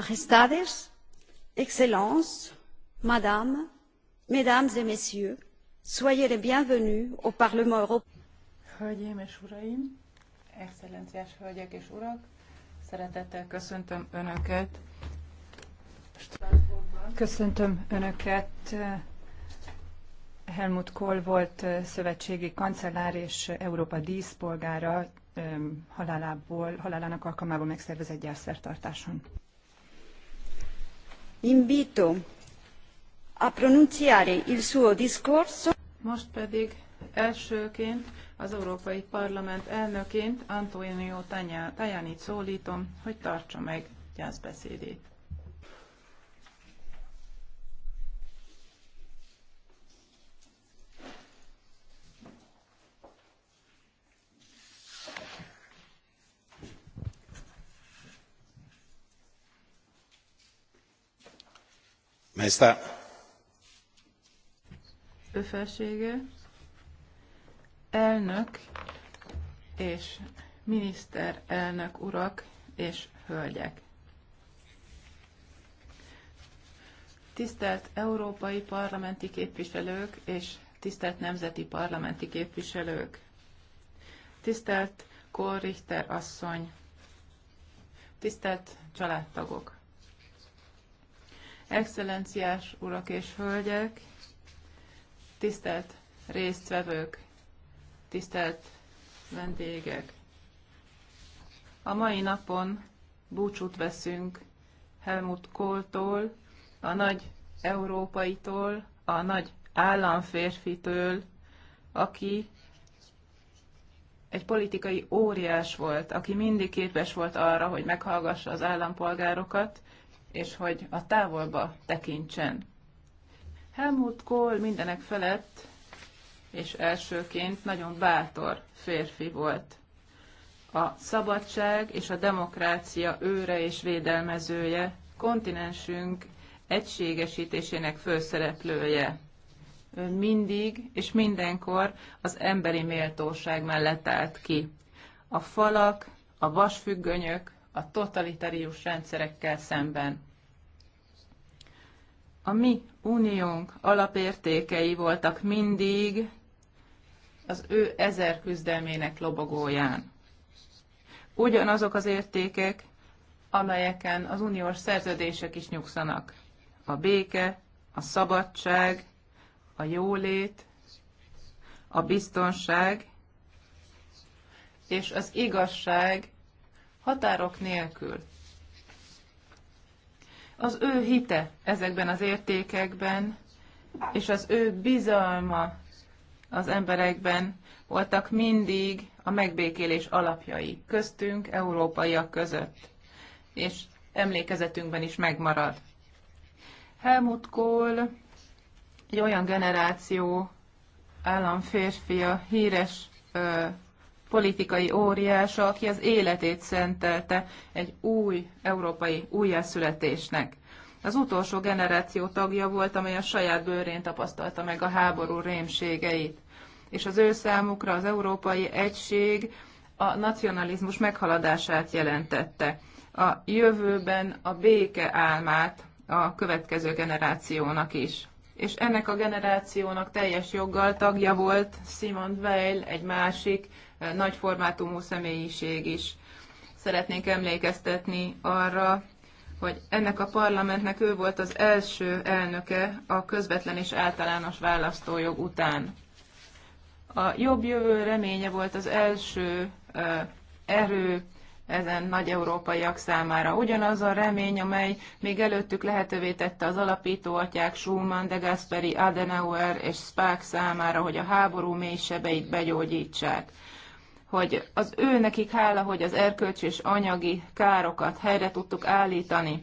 Majestades, Excellences, Madame, Mesdames et Messieurs, soyez les bienvenus au Parlement européen. Hölgyeim és Uraim, Excellenciás Hölgyek és Urak, szeretettel köszöntöm Önöket. Köszöntöm Önöket. Helmut Kohl volt szövetségi kancellár és Európa díszpolgára halálából, halálának alkalmából megszervezett gyászszertartáson. Invito a pronunciare il suo discorso. Most pedig elsőként az Európai Parlament elnöként Antonio Tajánit szólítom, hogy tartsa meg gyászbeszédét. Majestá. elnök és miniszterelnök urak és hölgyek. Tisztelt európai parlamenti képviselők és tisztelt nemzeti parlamenti képviselők. Tisztelt Kohl Richter asszony. Tisztelt családtagok. Excellenciás urak és hölgyek, tisztelt résztvevők, tisztelt vendégek! A mai napon búcsút veszünk Helmut Kohltól, a nagy európaitól, a nagy államférfitől, aki egy politikai óriás volt, aki mindig képes volt arra, hogy meghallgassa az állampolgárokat, és hogy a távolba tekintsen. Helmut Kohl mindenek felett, és elsőként nagyon bátor férfi volt. A szabadság és a demokrácia őre és védelmezője, kontinensünk egységesítésének főszereplője. Ő mindig és mindenkor az emberi méltóság mellett állt ki. A falak, a vasfüggönyök, a totalitárius rendszerekkel szemben. A mi uniónk alapértékei voltak mindig az ő ezer küzdelmének lobogóján. Ugyanazok az értékek, amelyeken az uniós szerződések is nyugszanak. A béke, a szabadság, a jólét, a biztonság és az igazság határok nélkül. Az ő hite ezekben az értékekben, és az ő bizalma az emberekben voltak mindig a megbékélés alapjai köztünk, európaiak között, és emlékezetünkben is megmarad. Helmut Kohl egy olyan generáció államférfia, híres ö, politikai óriása, aki az életét szentelte egy új európai újjászületésnek. Az utolsó generáció tagja volt, amely a saját bőrén tapasztalta meg a háború rémségeit. És az ő számukra az európai egység a nacionalizmus meghaladását jelentette. A jövőben a béke álmát a következő generációnak is. És ennek a generációnak teljes joggal tagja volt Simon Weil, egy másik nagy formátumú személyiség is. Szeretnénk emlékeztetni arra, hogy ennek a parlamentnek ő volt az első elnöke a közvetlen és általános választójog után. A jobb jövő reménye volt az első erő ezen nagy európaiak számára. Ugyanaz a remény, amely még előttük lehetővé tette az alapító atyák Schumann, de Gasperi, Adenauer és Spák számára, hogy a háború mély sebeit begyógyítsák hogy az ő nekik hála, hogy az erkölcsi és anyagi károkat helyre tudtuk állítani,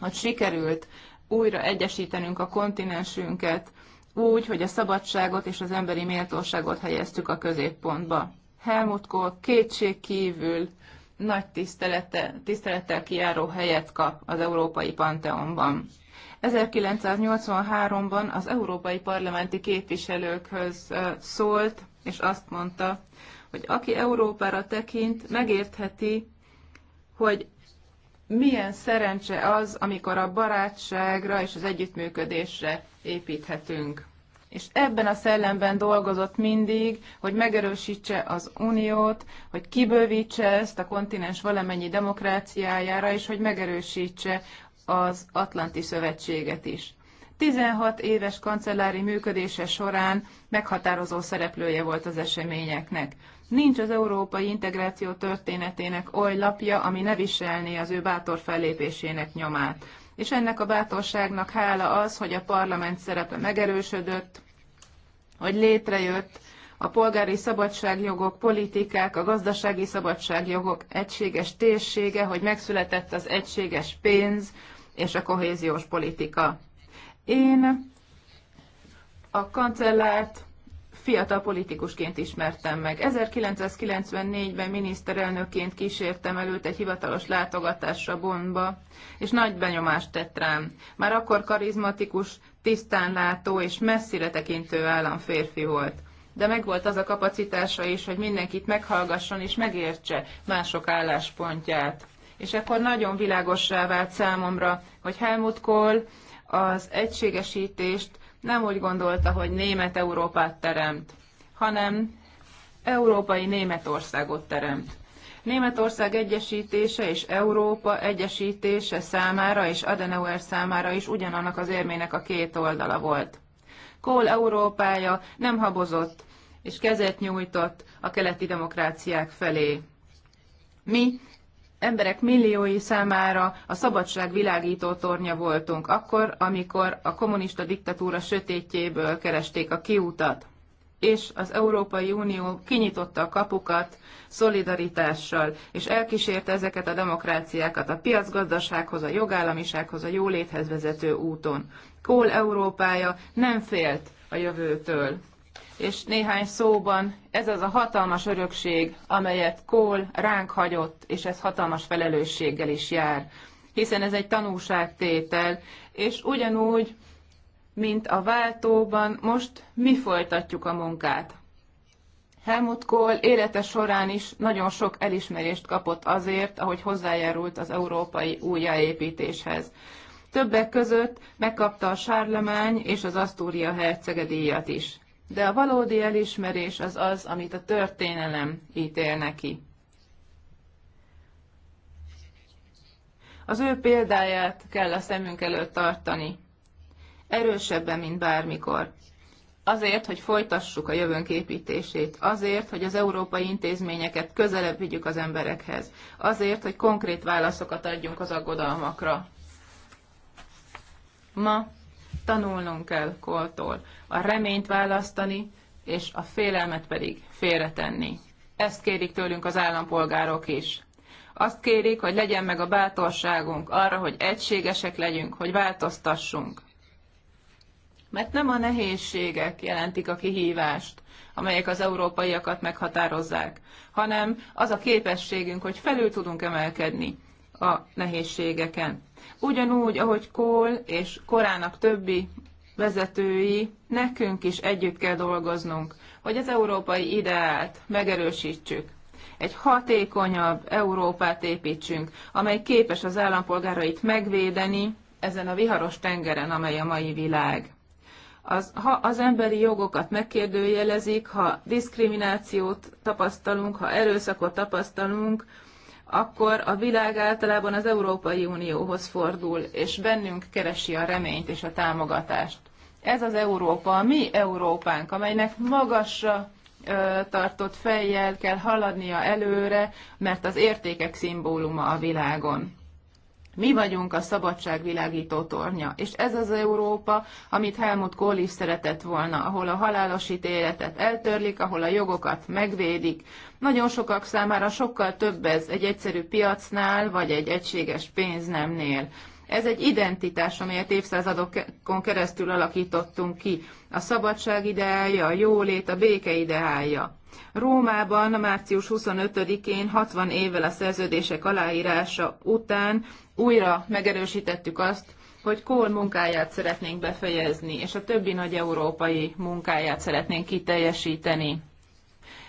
hogy sikerült újra egyesítenünk a kontinensünket, úgy, hogy a szabadságot és az emberi méltóságot helyeztük a középpontba. Helmut Kohl kétség kívül nagy tisztelete, tisztelettel kijáró helyet kap az Európai Panteonban. 1983-ban az európai parlamenti képviselőkhöz szólt, és azt mondta, hogy aki Európára tekint, megértheti, hogy milyen szerencse az, amikor a barátságra és az együttműködésre építhetünk. És ebben a szellemben dolgozott mindig, hogy megerősítse az uniót, hogy kibővítse ezt a kontinens valamennyi demokráciájára, és hogy megerősítse az Atlanti Szövetséget is. 16 éves kancellári működése során meghatározó szereplője volt az eseményeknek. Nincs az európai integráció történetének oly lapja, ami ne viselné az ő bátor fellépésének nyomát. És ennek a bátorságnak hála az, hogy a parlament szerepe megerősödött, hogy létrejött a polgári szabadságjogok, politikák, a gazdasági szabadságjogok egységes térsége, hogy megszületett az egységes pénz és a kohéziós politika. Én a kancellárt fiatal politikusként ismertem meg. 1994-ben miniszterelnökként kísértem előtt egy hivatalos látogatásra Bonnba, és nagy benyomást tett rám. Már akkor karizmatikus, tisztánlátó és messzire tekintő államférfi volt de megvolt az a kapacitása is, hogy mindenkit meghallgasson és megértse mások álláspontját. És akkor nagyon világossá vált számomra, hogy Helmut Kohl az egységesítést nem úgy gondolta, hogy német Európát teremt, hanem európai Németországot teremt. Németország egyesítése és Európa egyesítése számára és Adenauer számára is ugyanannak az érmének a két oldala volt. Kohl Európája nem habozott, és kezet nyújtott a keleti demokráciák felé. Mi emberek milliói számára a szabadság világító tornya voltunk, akkor, amikor a kommunista diktatúra sötétjéből keresték a kiútat, és az Európai Unió kinyitotta a kapukat szolidaritással, és elkísérte ezeket a demokráciákat a piacgazdasághoz, a jogállamisághoz, a jóléthez vezető úton. Kohl Európája nem félt a jövőtől és néhány szóban ez az a hatalmas örökség, amelyet Kohl ránk hagyott, és ez hatalmas felelősséggel is jár, hiszen ez egy tanúságtétel, és ugyanúgy, mint a váltóban, most mi folytatjuk a munkát. Helmut Kohl élete során is nagyon sok elismerést kapott azért, ahogy hozzájárult az európai újjáépítéshez. Többek között megkapta a Sárlemány és az Asztúria hercegedíjat is de a valódi elismerés az az, amit a történelem ítél neki. Az ő példáját kell a szemünk előtt tartani, erősebben, mint bármikor. Azért, hogy folytassuk a jövőnk építését, azért, hogy az európai intézményeket közelebb vigyük az emberekhez, azért, hogy konkrét válaszokat adjunk az aggodalmakra. Ma tanulnunk kell koltól, a reményt választani, és a félelmet pedig félretenni. Ezt kérik tőlünk az állampolgárok is. Azt kérik, hogy legyen meg a bátorságunk arra, hogy egységesek legyünk, hogy változtassunk. Mert nem a nehézségek jelentik a kihívást, amelyek az európaiakat meghatározzák, hanem az a képességünk, hogy felül tudunk emelkedni a nehézségeken. Ugyanúgy, ahogy Kohl és korának többi vezetői, nekünk is együtt kell dolgoznunk, hogy az európai ideált megerősítsük. Egy hatékonyabb Európát építsünk, amely képes az állampolgárait megvédeni ezen a viharos tengeren, amely a mai világ. Az, ha az emberi jogokat megkérdőjelezik, ha diszkriminációt tapasztalunk, ha erőszakot tapasztalunk, akkor a világ általában az Európai Unióhoz fordul, és bennünk keresi a reményt és a támogatást. Ez az Európa, a mi Európánk, amelynek magasra tartott fejjel kell haladnia előre, mert az értékek szimbóluma a világon. Mi vagyunk a szabadság világító tornya, és ez az Európa, amit Helmut Kohl is szeretett volna, ahol a halálos ítéletet eltörlik, ahol a jogokat megvédik. Nagyon sokak számára sokkal több ez egy egyszerű piacnál, vagy egy egységes pénznemnél. Ez egy identitás, amelyet évszázadokon keresztül alakítottunk ki a szabadság ideája, a jólét, a béke ideája. Rómában március 25-én 60 évvel a szerződések aláírása után újra megerősítettük azt, hogy Kohl munkáját szeretnénk befejezni, és a többi nagy európai munkáját szeretnénk kiteljesíteni.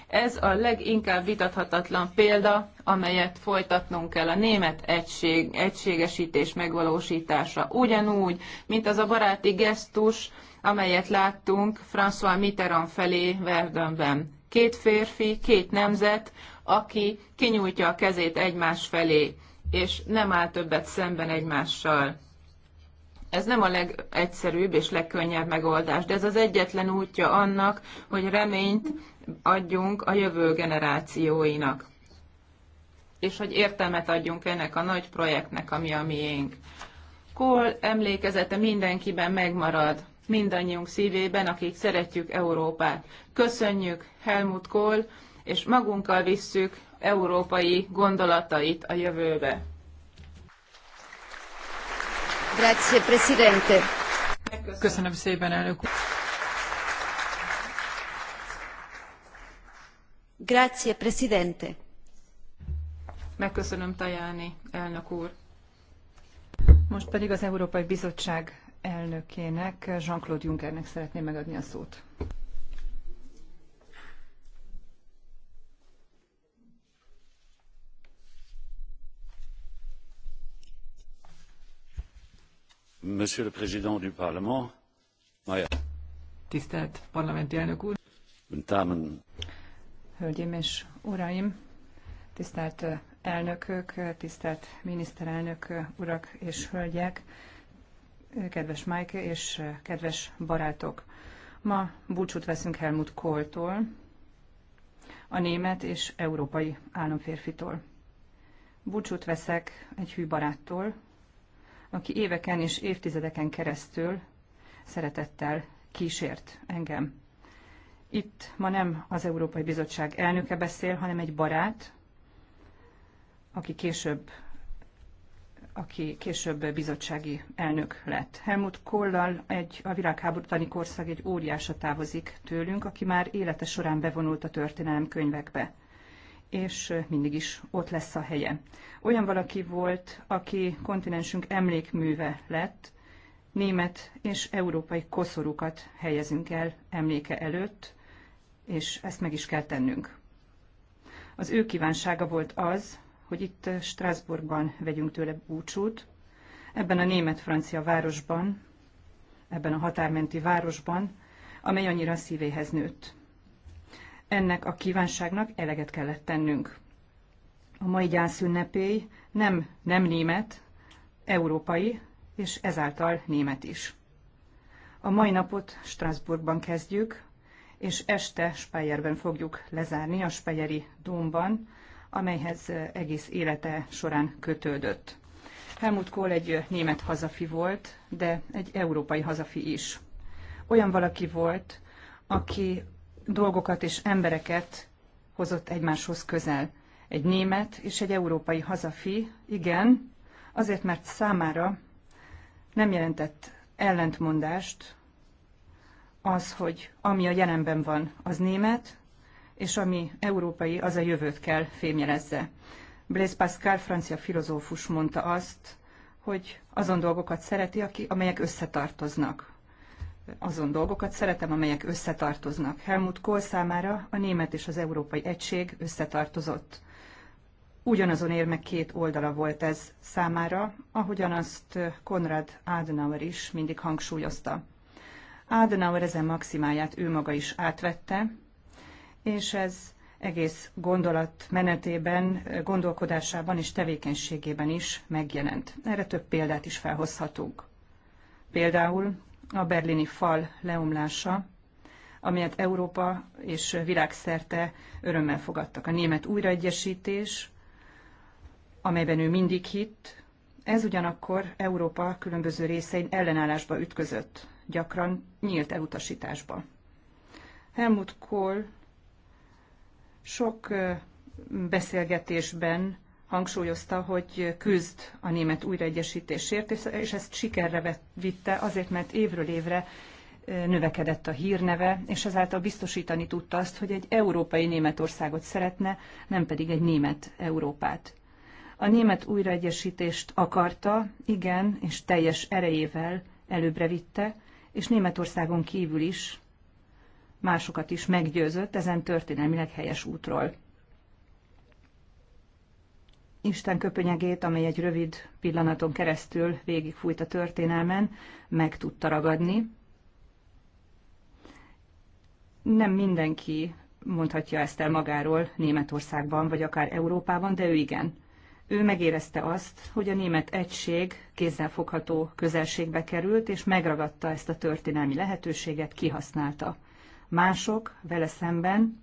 Ez a leginkább vitathatatlan példa, amelyet folytatnunk kell a német egység, egységesítés megvalósítása. Ugyanúgy, mint az a baráti gesztus, amelyet láttunk François Mitterrand felé Verdönben. Két férfi, két nemzet, aki kinyújtja a kezét egymás felé, és nem áll többet szemben egymással. Ez nem a legegyszerűbb és legkönnyebb megoldás, de ez az egyetlen útja annak, hogy reményt adjunk a jövő generációinak, és hogy értelmet adjunk ennek a nagy projektnek, ami a miénk. Kohl emlékezete mindenkiben megmarad mindannyiunk szívében, akik szeretjük Európát. Köszönjük Helmut Kohl, és magunkkal visszük európai gondolatait a jövőbe. Grazie, Presidente. Köszönöm szépen, elnök úr. Grazie, Presidente. Megköszönöm, Tajáni elnök úr. Most pedig az Európai Bizottság elnökének, Jean-Claude Junckernek szeretném megadni a szót. Monsieur le Président du Parlement, Maya. Tisztelt parlamenti elnök úr! Támen. Hölgyeim és uraim, tisztelt elnökök, tisztelt miniszterelnök urak és hölgyek! kedves Mike és kedves barátok! Ma búcsút veszünk Helmut Kohltól, a német és európai államférfitól. Búcsút veszek egy hű baráttól, aki éveken és évtizedeken keresztül szeretettel kísért engem. Itt ma nem az Európai Bizottság elnöke beszél, hanem egy barát, aki később aki később bizottsági elnök lett. Helmut Kollal egy, a világháborútani korszak egy óriása távozik tőlünk, aki már élete során bevonult a történelem könyvekbe és mindig is ott lesz a helye. Olyan valaki volt, aki kontinensünk emlékműve lett, német és európai koszorúkat helyezünk el emléke előtt, és ezt meg is kell tennünk. Az ő kívánsága volt az, hogy itt Strasbourgban vegyünk tőle búcsút, ebben a német-francia városban, ebben a határmenti városban, amely annyira szívéhez nőtt. Ennek a kívánságnak eleget kellett tennünk. A mai gyászünnepély nem, nem német, európai, és ezáltal német is. A mai napot Strasbourgban kezdjük, és este Speyerben fogjuk lezárni a Speyeri Dómban, amelyhez egész élete során kötődött. Helmut Kohl egy német hazafi volt, de egy európai hazafi is. Olyan valaki volt, aki dolgokat és embereket hozott egymáshoz közel. Egy német és egy európai hazafi, igen, azért mert számára nem jelentett ellentmondást az, hogy ami a jelenben van, az német, és ami európai, az a jövőt kell fémjelezze. Blaise Pascal, francia filozófus mondta azt, hogy azon dolgokat szereti, aki, amelyek összetartoznak. Azon dolgokat szeretem, amelyek összetartoznak. Helmut Kohl számára a német és az európai egység összetartozott. Ugyanazon érmek két oldala volt ez számára, ahogyan azt Konrad Adenauer is mindig hangsúlyozta. Adenauer ezen maximáját ő maga is átvette, és ez egész gondolat menetében, gondolkodásában és tevékenységében is megjelent. Erre több példát is felhozhatunk. Például a berlini fal leomlása, amelyet Európa és világszerte örömmel fogadtak. A német újraegyesítés, amelyben ő mindig hitt, ez ugyanakkor Európa különböző részein ellenállásba ütközött, gyakran nyílt elutasításba. Helmut Kohl sok beszélgetésben hangsúlyozta, hogy küzd a német újraegyesítésért, és ezt sikerre vitte azért, mert évről évre növekedett a hírneve, és ezáltal biztosítani tudta azt, hogy egy európai Németországot szeretne, nem pedig egy német Európát. A német újraegyesítést akarta, igen, és teljes erejével előbbre vitte, és Németországon kívül is másokat is meggyőzött ezen történelmileg helyes útról. Isten köpönyegét, amely egy rövid pillanaton keresztül végigfújt a történelmen, meg tudta ragadni. Nem mindenki mondhatja ezt el magáról Németországban, vagy akár Európában, de ő igen. Ő megérezte azt, hogy a német egység kézzelfogható közelségbe került, és megragadta ezt a történelmi lehetőséget, kihasználta mások vele szemben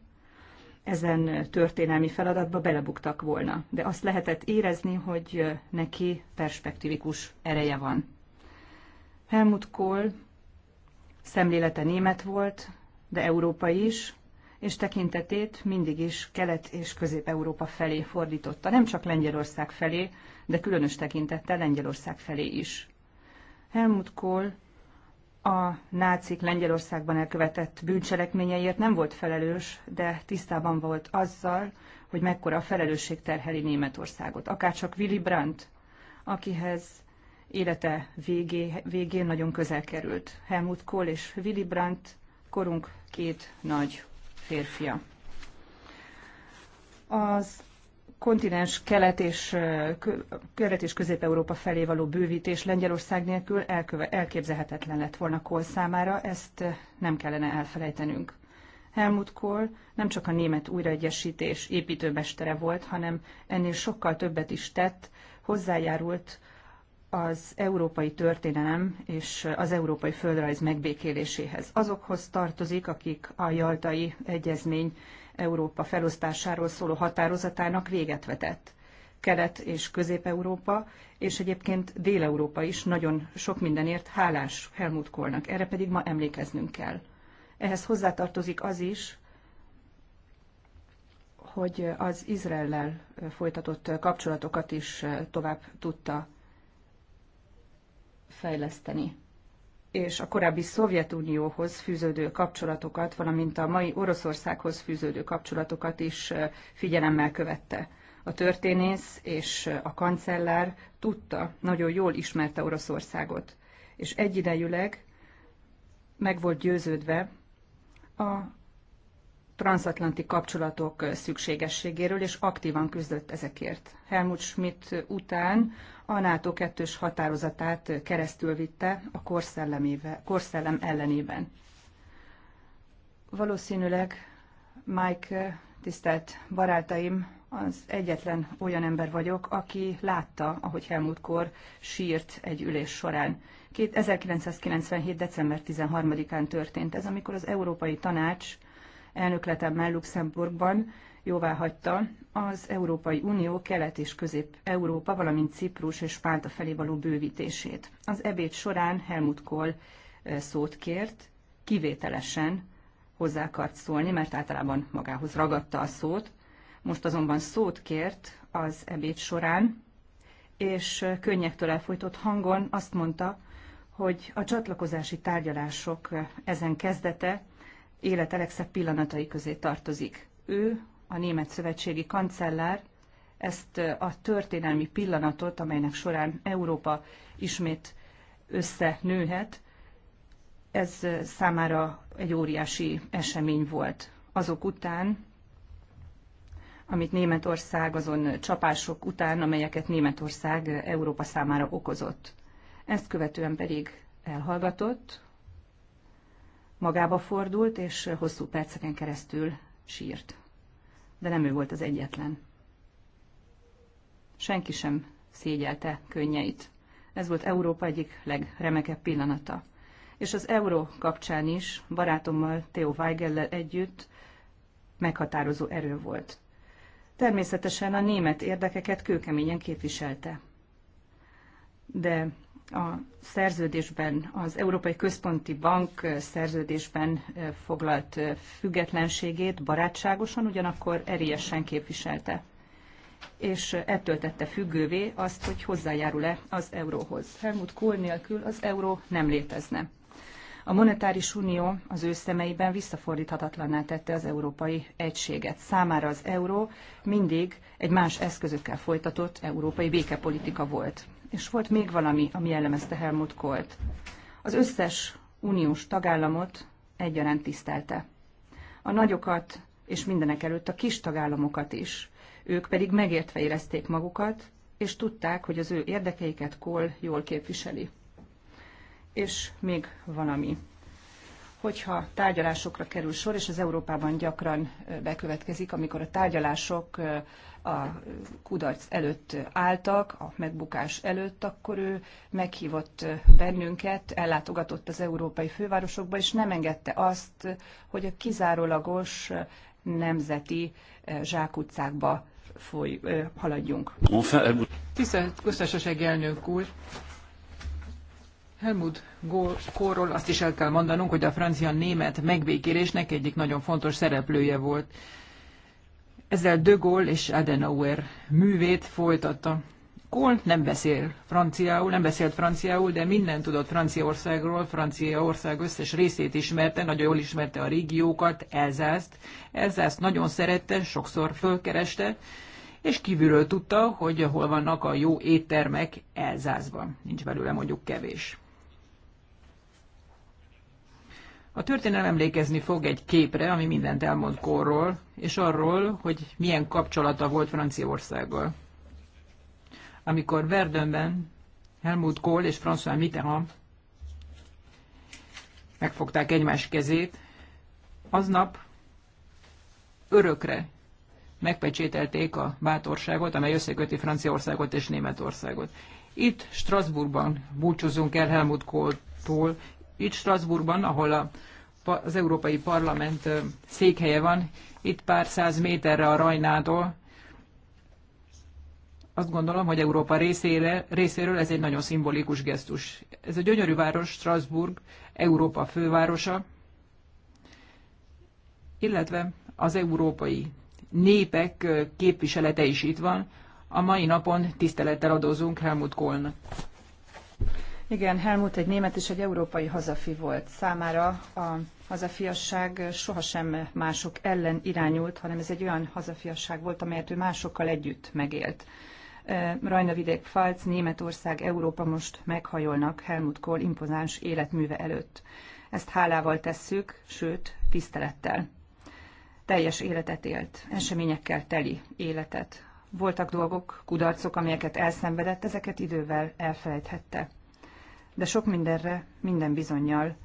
ezen történelmi feladatba belebuktak volna. De azt lehetett érezni, hogy neki perspektívikus ereje van. Helmut Kohl szemlélete német volt, de Európa is, és tekintetét mindig is Kelet- és Közép-Európa felé fordította, nem csak Lengyelország felé, de különös tekintettel Lengyelország felé is. Helmut Kohl a nácik Lengyelországban elkövetett bűncselekményeiért nem volt felelős, de tisztában volt azzal, hogy mekkora a felelősség terheli Németországot. Akárcsak Willy Brandt, akihez élete végé, végén nagyon közel került. Helmut Kohl és Willy Brandt korunk két nagy férfia. Az kontinens kelet és, kelet és közép-európa felé való bővítés Lengyelország nélkül elköve, elképzelhetetlen lett volna Kohl számára, ezt nem kellene elfelejtenünk. Helmut Kohl nem csak a német újraegyesítés építőmestere volt, hanem ennél sokkal többet is tett, hozzájárult az európai történelem és az európai földrajz megbékéléséhez. Azokhoz tartozik, akik a Jaltai Egyezmény Európa felosztásáról szóló határozatának véget vetett. Kelet és Közép-Európa, és egyébként Dél-Európa is nagyon sok mindenért hálás Helmut Kohlnak. Erre pedig ma emlékeznünk kell. Ehhez hozzátartozik az is, hogy az Izraellel folytatott kapcsolatokat is tovább tudta fejleszteni és a korábbi Szovjetunióhoz fűződő kapcsolatokat, valamint a mai Oroszországhoz fűződő kapcsolatokat is figyelemmel követte. A történész és a kancellár tudta, nagyon jól ismerte Oroszországot, és egyidejűleg meg volt győződve a transatlanti kapcsolatok szükségességéről, és aktívan küzdött ezekért. Helmut Schmidt után a NATO kettős határozatát keresztül vitte a korszellem ellenében. Valószínűleg Mike, tisztelt barátaim, az egyetlen olyan ember vagyok, aki látta, ahogy Helmut Kor sírt egy ülés során. 1997. december 13-án történt ez, amikor az Európai Tanács elnökletemmel Luxemburgban jóvá hagyta az Európai Unió kelet és közép-európa, valamint Ciprus és Pálta felé való bővítését. Az ebéd során Helmut Kohl szót kért, kivételesen hozzá akart szólni, mert általában magához ragadta a szót. Most azonban szót kért az ebéd során, és könnyektől elfolytott hangon azt mondta, hogy a csatlakozási tárgyalások ezen kezdete élete legszebb pillanatai közé tartozik. Ő, a német szövetségi kancellár, ezt a történelmi pillanatot, amelynek során Európa ismét összenőhet, ez számára egy óriási esemény volt. Azok után, amit Németország azon csapások után, amelyeket Németország Európa számára okozott. Ezt követően pedig elhallgatott, magába fordult, és hosszú perceken keresztül sírt. De nem ő volt az egyetlen. Senki sem szégyelte könnyeit. Ez volt Európa egyik legremekebb pillanata. És az euró kapcsán is barátommal, Theo Weigellel együtt meghatározó erő volt. Természetesen a német érdekeket kőkeményen képviselte. De a szerződésben, az Európai Központi Bank szerződésben foglalt függetlenségét barátságosan, ugyanakkor erélyesen képviselte. És ettől tette függővé azt, hogy hozzájárul-e az euróhoz. Helmut Kohl nélkül az euró nem létezne. A monetáris unió az ő szemeiben visszafordíthatatlanná tette az európai egységet. Számára az euró mindig egy más eszközökkel folytatott európai békepolitika volt. És volt még valami, ami jellemezte Helmut Kohlt. Az összes uniós tagállamot egyaránt tisztelte. A nagyokat és mindenek előtt a kis tagállamokat is. Ők pedig megértve érezték magukat, és tudták, hogy az ő érdekeiket Kohl jól képviseli. És még valami. Hogyha tárgyalásokra kerül sor, és az Európában gyakran bekövetkezik, amikor a tárgyalások a kudarc előtt álltak, a megbukás előtt, akkor ő meghívott bennünket, ellátogatott az európai fővárosokba, és nem engedte azt, hogy a kizárólagos nemzeti eh, zsákutcákba foly, eh, haladjunk. Tisztelt köztársaság elnök úr! Helmut Kohlról azt is el kell mondanunk, hogy a francia-német megbékélésnek egyik nagyon fontos szereplője volt. Ezzel De Gaulle és Adenauer művét folytatta. Kohl nem beszél franciául, nem beszélt franciául, de minden tudott Franciaországról, Franciaország összes részét ismerte, nagyon jól ismerte a régiókat, Elzászt. Elzászt nagyon szerette, sokszor fölkereste, és kívülről tudta, hogy hol vannak a jó éttermek Elzászban. Nincs belőle mondjuk kevés. A történelem emlékezni fog egy képre, ami mindent elmond korról, és arról, hogy milyen kapcsolata volt Franciaországgal. Amikor Verdönben Helmut Kohl és François Mitterrand megfogták egymás kezét, aznap örökre megpecsételték a bátorságot, amely összeköti Franciaországot és Németországot. Itt Strasbourgban búcsúzunk el Helmut Kohl-tól, itt Strasbourgban, ahol a, az Európai Parlament székhelye van, itt pár száz méterre a Rajnától. Azt gondolom, hogy Európa részére, részéről ez egy nagyon szimbolikus gesztus. Ez a gyönyörű város, Strasbourg, Európa fővárosa, illetve az európai népek képviselete is itt van. A mai napon tisztelettel adózunk Helmut Kohlnak. Igen, Helmut egy német és egy európai hazafi volt. Számára a hazafiasság sohasem mások ellen irányult, hanem ez egy olyan hazafiasság volt, amelyet ő másokkal együtt megélt. Rajna vidék Falc, Németország, Európa most meghajolnak Helmut Kohl impozáns életműve előtt. Ezt hálával tesszük, sőt, tisztelettel. Teljes életet élt, eseményekkel teli életet. Voltak dolgok, kudarcok, amelyeket elszenvedett, ezeket idővel elfelejthette de sok mindenre minden bizonyal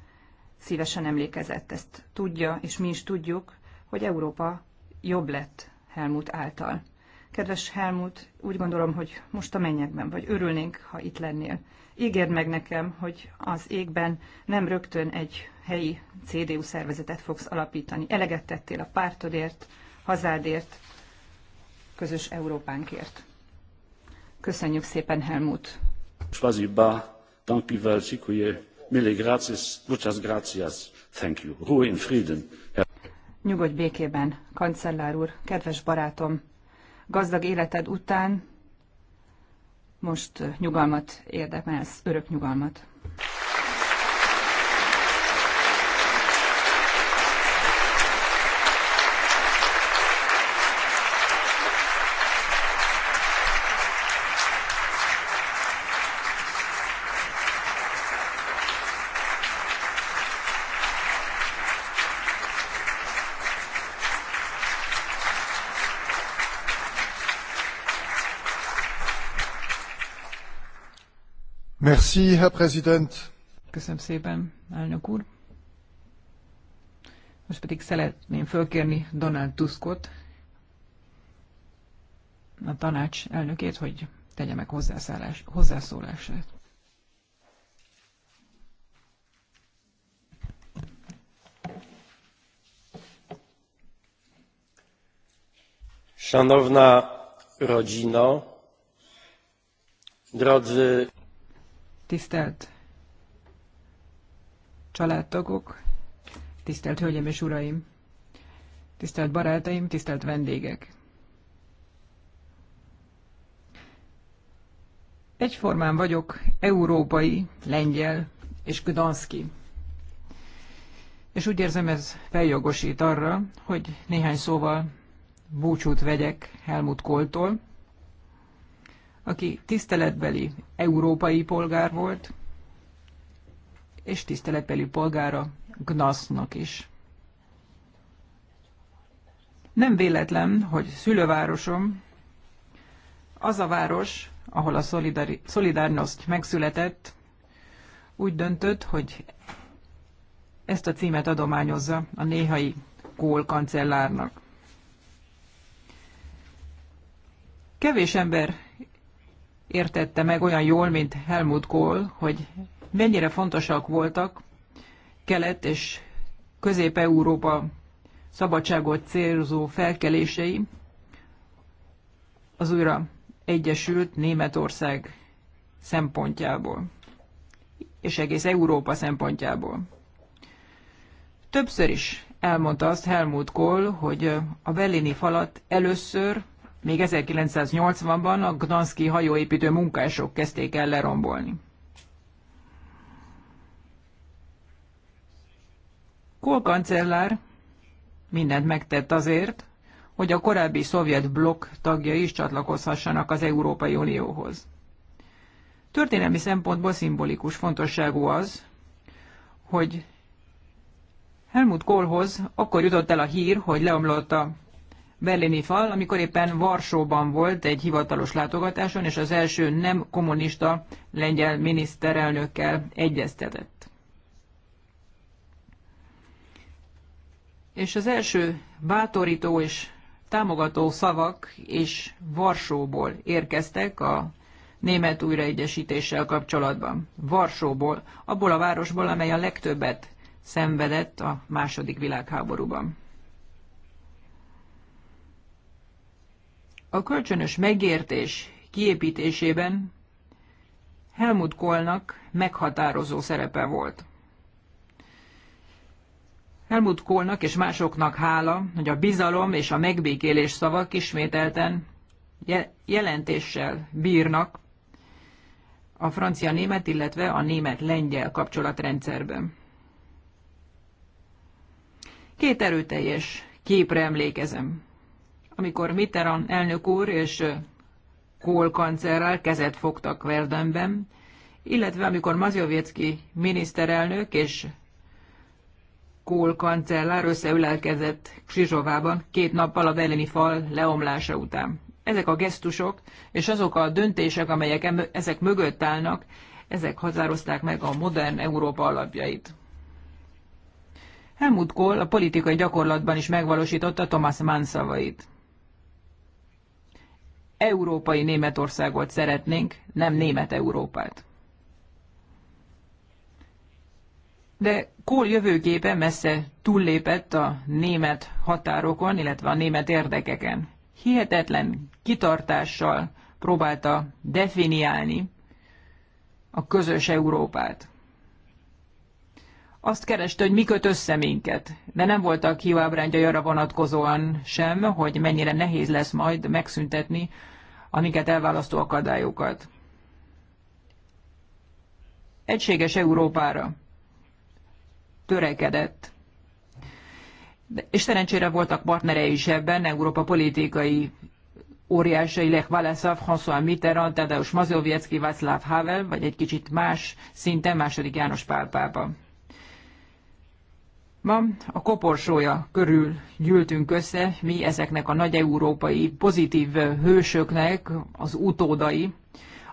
szívesen emlékezett. Ezt tudja, és mi is tudjuk, hogy Európa jobb lett Helmut által. Kedves Helmut, úgy gondolom, hogy most a mennyekben vagy, örülnénk, ha itt lennél. Ígérd meg nekem, hogy az égben nem rögtön egy helyi CDU szervezetet fogsz alapítani. Eleget tettél a pártodért, hazádért, közös Európánkért. Köszönjük szépen, Helmut! Spasiba. Mille gracias, muchas gracias. Thank you. Ruhe in Frieden. Nyugodj békében, kancellár úr, kedves barátom. Gazdag életed után most nyugalmat érdemelsz, örök nyugalmat. Merci, Herr Präsident. Köszönöm szépen, elnök úr. Most pedig szeretném fölkérni Donald Tuskot, a tanács elnökét, hogy tegye meg hozzászólását. Szanowna rodzino, drodzy tisztelt családtagok, tisztelt hölgyem és uraim, tisztelt barátaim, tisztelt vendégek. Egyformán vagyok európai, lengyel és gdanszki. És úgy érzem, ez feljogosít arra, hogy néhány szóval búcsút vegyek Helmut Koltól, aki tiszteletbeli európai polgár volt, és tiszteletbeli polgára Gnasznak is. Nem véletlen, hogy szülővárosom az a város, ahol a Szolidari- Szolidárnoszt megszületett, úgy döntött, hogy ezt a címet adományozza a néhai Kohl kancellárnak. Kevés ember értette meg olyan jól, mint Helmut Kohl, hogy mennyire fontosak voltak Kelet és Közép-Európa szabadságot célzó felkelései az újra Egyesült Németország szempontjából, és egész Európa szempontjából. Többször is elmondta azt Helmut Kohl, hogy a berlini falat először még 1980-ban a Gdanszki hajóépítő munkások kezdték el lerombolni. Kohl kancellár mindent megtett azért, hogy a korábbi szovjet blokk tagja is csatlakozhassanak az Európai Unióhoz. Történelmi szempontból szimbolikus fontosságú az, hogy Helmut Kohlhoz akkor jutott el a hír, hogy leomlott a berlini fal, amikor éppen Varsóban volt egy hivatalos látogatáson, és az első nem kommunista lengyel miniszterelnökkel egyeztetett. És az első bátorító és támogató szavak és Varsóból érkeztek a német újraegyesítéssel kapcsolatban. Varsóból, abból a városból, amely a legtöbbet szenvedett a második világháborúban. A kölcsönös megértés kiépítésében Helmut Kohlnak meghatározó szerepe volt. Helmut Kohlnak és másoknak hála, hogy a bizalom és a megbékélés szavak ismételten jelentéssel bírnak a francia-német, illetve a német-lengyel kapcsolatrendszerben. Két erőteljes képre emlékezem amikor Mitterrand elnök úr és Kohl kancellár kezet fogtak Verdönben, illetve amikor Mazjoviecki miniszterelnök és Kohl kancellár összeülelkezett Krizsovában két nappal a berlini fal leomlása után. Ezek a gesztusok és azok a döntések, amelyek ezek mögött állnak, ezek határozták meg a modern Európa alapjait. Helmut Kohl a politikai gyakorlatban is megvalósította Thomas Mann szavait európai Németországot szeretnénk, nem német Európát. De Kohl jövőképe messze túllépett a német határokon, illetve a német érdekeken. Hihetetlen kitartással próbálta definiálni a közös Európát. Azt kereste, hogy mi köt össze minket, de nem voltak hiábrándjai arra vonatkozóan sem, hogy mennyire nehéz lesz majd megszüntetni a minket elválasztó akadályokat. Egységes Európára törekedett. De, és szerencsére voltak partnerei is ebben, Európa politikai óriásai Lech Walesa, François Mitterrand, Tadeusz Mazowiecki, Václav Havel, vagy egy kicsit más szinten második János Pál pápa. Ma a koporsója körül gyűltünk össze, mi ezeknek a nagy európai pozitív hősöknek az utódai.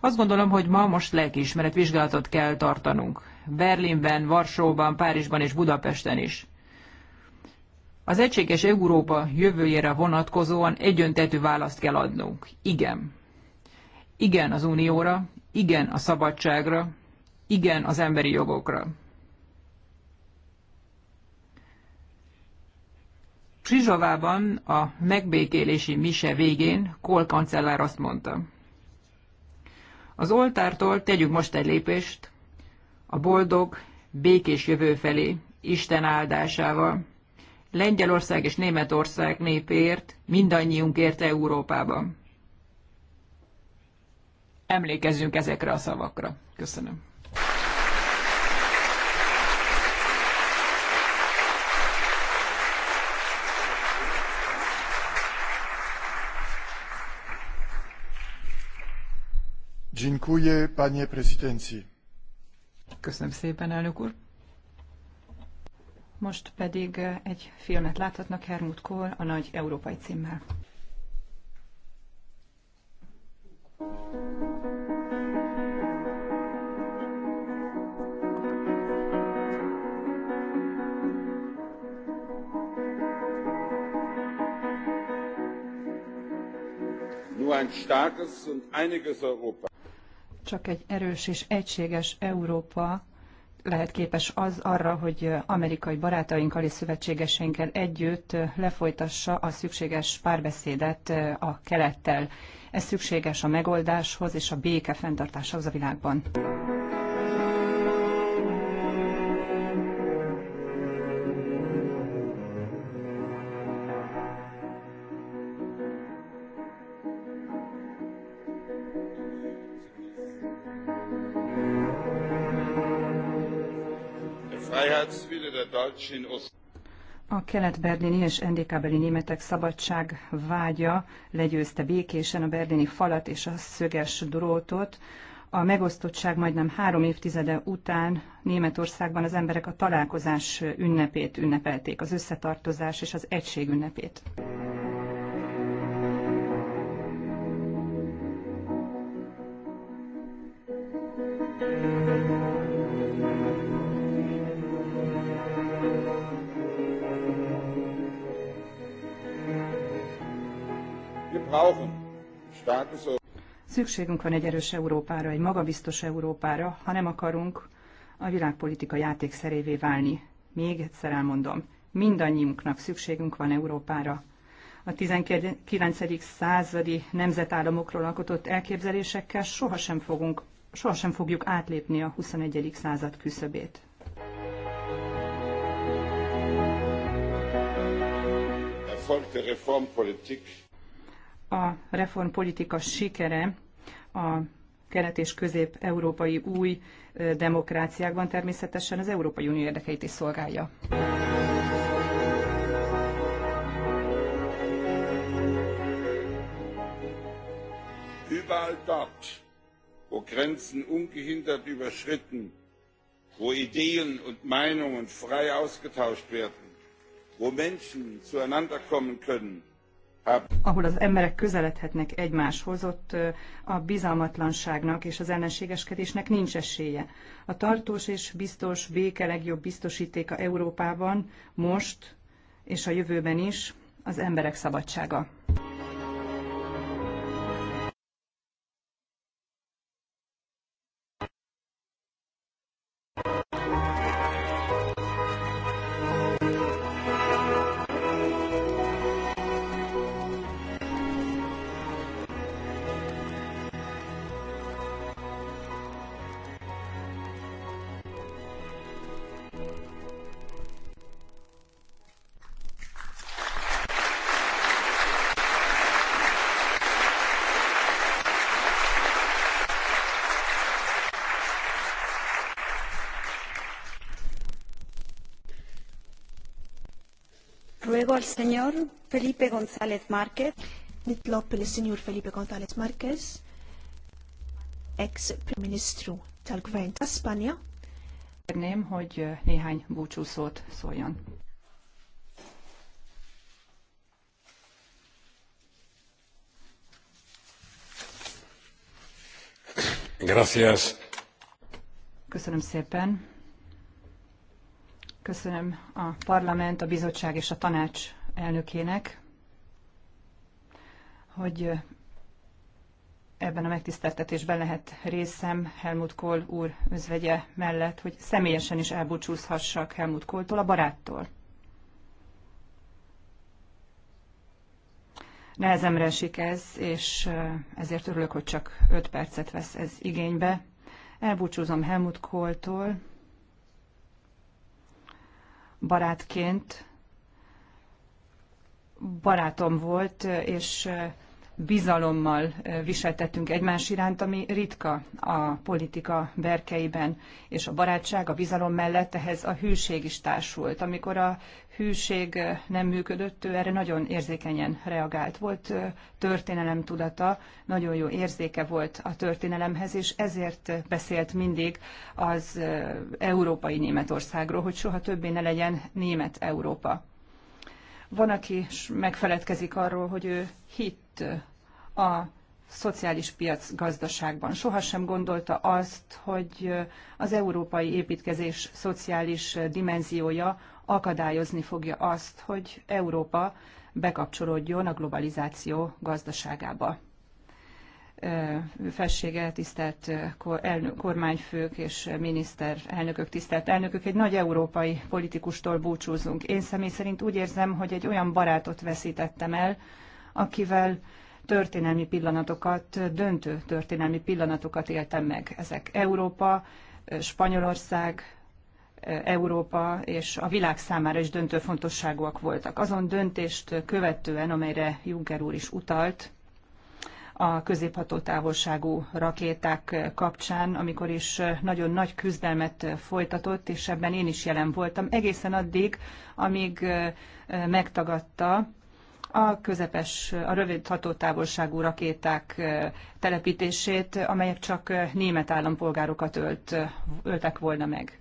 Azt gondolom, hogy ma most lelkiismeret vizsgálatot kell tartanunk. Berlinben, Varsóban, Párizsban és Budapesten is. Az egységes Európa jövőjére vonatkozóan egyöntetű választ kell adnunk. Igen. Igen az unióra, igen a szabadságra, igen az emberi jogokra. Csizsavában a megbékélési mise végén Kohl kancellár azt mondta. Az oltártól tegyük most egy lépést a boldog, békés jövő felé, Isten áldásával. Lengyelország és Németország népért, mindannyiunkért Európában. Emlékezzünk ezekre a szavakra. Köszönöm. Dziękuję, panie prezidenci. Köszönöm szépen, elnök úr. Most pedig egy filmet láthatnak Hermut Kohl a Nagy Európai címmel. Nur ein starkes und einiges Europa. Csak egy erős és egységes Európa lehet képes az arra, hogy amerikai barátainkkal és szövetségeseinkkel együtt lefolytassa a szükséges párbeszédet a kelettel. Ez szükséges a megoldáshoz és a béke fenntartásához a világban. A kelet-berlini és NDK-beli németek szabadság vágya legyőzte békésen a berlini falat és a szöges drótot. A megosztottság majdnem három évtizede után Németországban az emberek a találkozás ünnepét ünnepelték, az összetartozás és az egység ünnepét. Szükségünk van egy erős Európára, egy magabiztos Európára, ha nem akarunk a világpolitika játékszerévé válni. Még egyszer elmondom, mindannyiunknak szükségünk van Európára. A 19. századi nemzetállamokról alkotott elképzelésekkel sohasem, fogunk, sohasem fogjuk átlépni a 21. század küszöbét. A reformpolitika sikere a kelet- és közép-európai új demokráciákban természetesen az Európai Unió érdekeit is szolgálja. Überall dort, wo Grenzen ungehindert überschritten, wo Ideen und Meinungen frei ausgetauscht werden, wo Menschen zueinander kommen können, ahol az emberek közeledhetnek egymáshoz, ott a bizalmatlanságnak és az ellenségeskedésnek nincs esélye. A tartós és biztos béke legjobb biztosítéka Európában most és a jövőben is az emberek szabadsága. el señor Felipe González Márquez. Felipe González Márquez, ex-Prim Ministru tal-Gvern ta' Kérném, hogy eh, néhány búcsúszót szóljon. Gracias. Köszönöm szépen. Köszönöm a parlament, a bizottság és a tanács elnökének, hogy ebben a megtiszteltetésben lehet részem Helmut Kohl úr özvegye mellett, hogy személyesen is elbúcsúzhassak Helmut Kohltól, a baráttól. Nehezemre esik ez, és ezért örülök, hogy csak 5 percet vesz ez igénybe. Elbúcsúzom Helmut Kohltól, barátként barátom volt, és bizalommal viseltettünk egymás iránt, ami ritka a politika berkeiben, és a barátság, a bizalom mellett ehhez a hűség is társult. Amikor a hűség nem működött, ő erre nagyon érzékenyen reagált. Volt történelem tudata, nagyon jó érzéke volt a történelemhez, és ezért beszélt mindig az európai Németországról, hogy soha többé ne legyen német Európa. Van, aki megfeledkezik arról, hogy ő hitt a szociális piac gazdaságban. Sohasem gondolta azt, hogy az európai építkezés szociális dimenziója akadályozni fogja azt, hogy Európa bekapcsolódjon a globalizáció gazdaságába felsége, tisztelt kormányfők és miniszterelnökök, tisztelt elnökök, egy nagy európai politikustól búcsúzunk. Én személy szerint úgy érzem, hogy egy olyan barátot veszítettem el, akivel történelmi pillanatokat, döntő történelmi pillanatokat éltem meg. Ezek Európa, Spanyolország, Európa és a világ számára is döntő fontosságúak voltak. Azon döntést követően, amelyre Juncker úr is utalt, a középható távolságú rakéták kapcsán, amikor is nagyon nagy küzdelmet folytatott, és ebben én is jelen voltam, egészen addig, amíg megtagadta a közepes, a rövid hatótávolságú rakéták telepítését, amelyek csak német állampolgárokat ölt, öltek volna meg.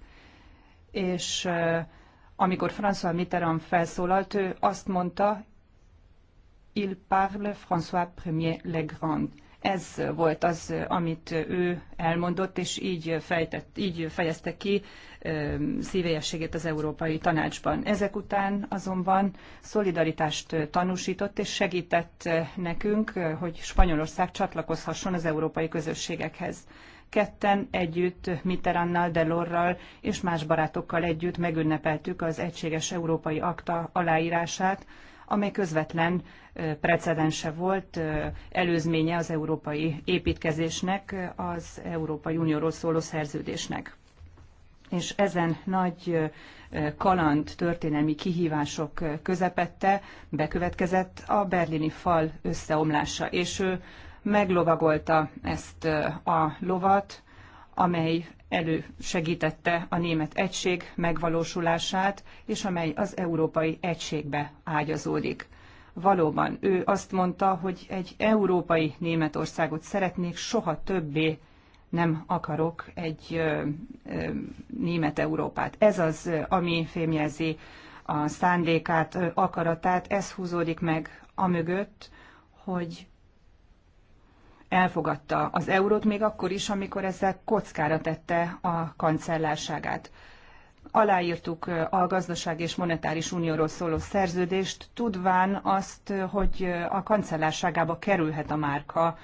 És amikor François Mitterrand felszólalt, ő azt mondta, Il parle François Premier Legrand. Ez volt az, amit ő elmondott, és így, fejtett, így fejezte ki szívélyességét az Európai Tanácsban. Ezek után azonban szolidaritást tanúsított, és segített nekünk, hogy Spanyolország csatlakozhasson az európai közösségekhez ketten együtt Mitterannal, Delorral és más barátokkal együtt megünnepeltük az Egységes Európai Akta aláírását, amely közvetlen precedense volt, előzménye az európai építkezésnek, az Európai Unióról szóló szerződésnek. És ezen nagy kaland történelmi kihívások közepette bekövetkezett a berlini fal összeomlása, és ő meglovagolta ezt a lovat, amely elősegítette a német egység megvalósulását, és amely az európai egységbe ágyazódik. Valóban, ő azt mondta, hogy egy európai Németországot szeretnék, soha többé nem akarok egy ö, ö, német Európát. Ez az, ami fémjelzi a szándékát, akaratát, ez húzódik meg amögött, hogy elfogadta az eurót még akkor is, amikor ezzel kockára tette a kancellárságát aláírtuk a gazdaság és monetáris unióról szóló szerződést, tudván azt, hogy a kancellárságába kerülhet a márka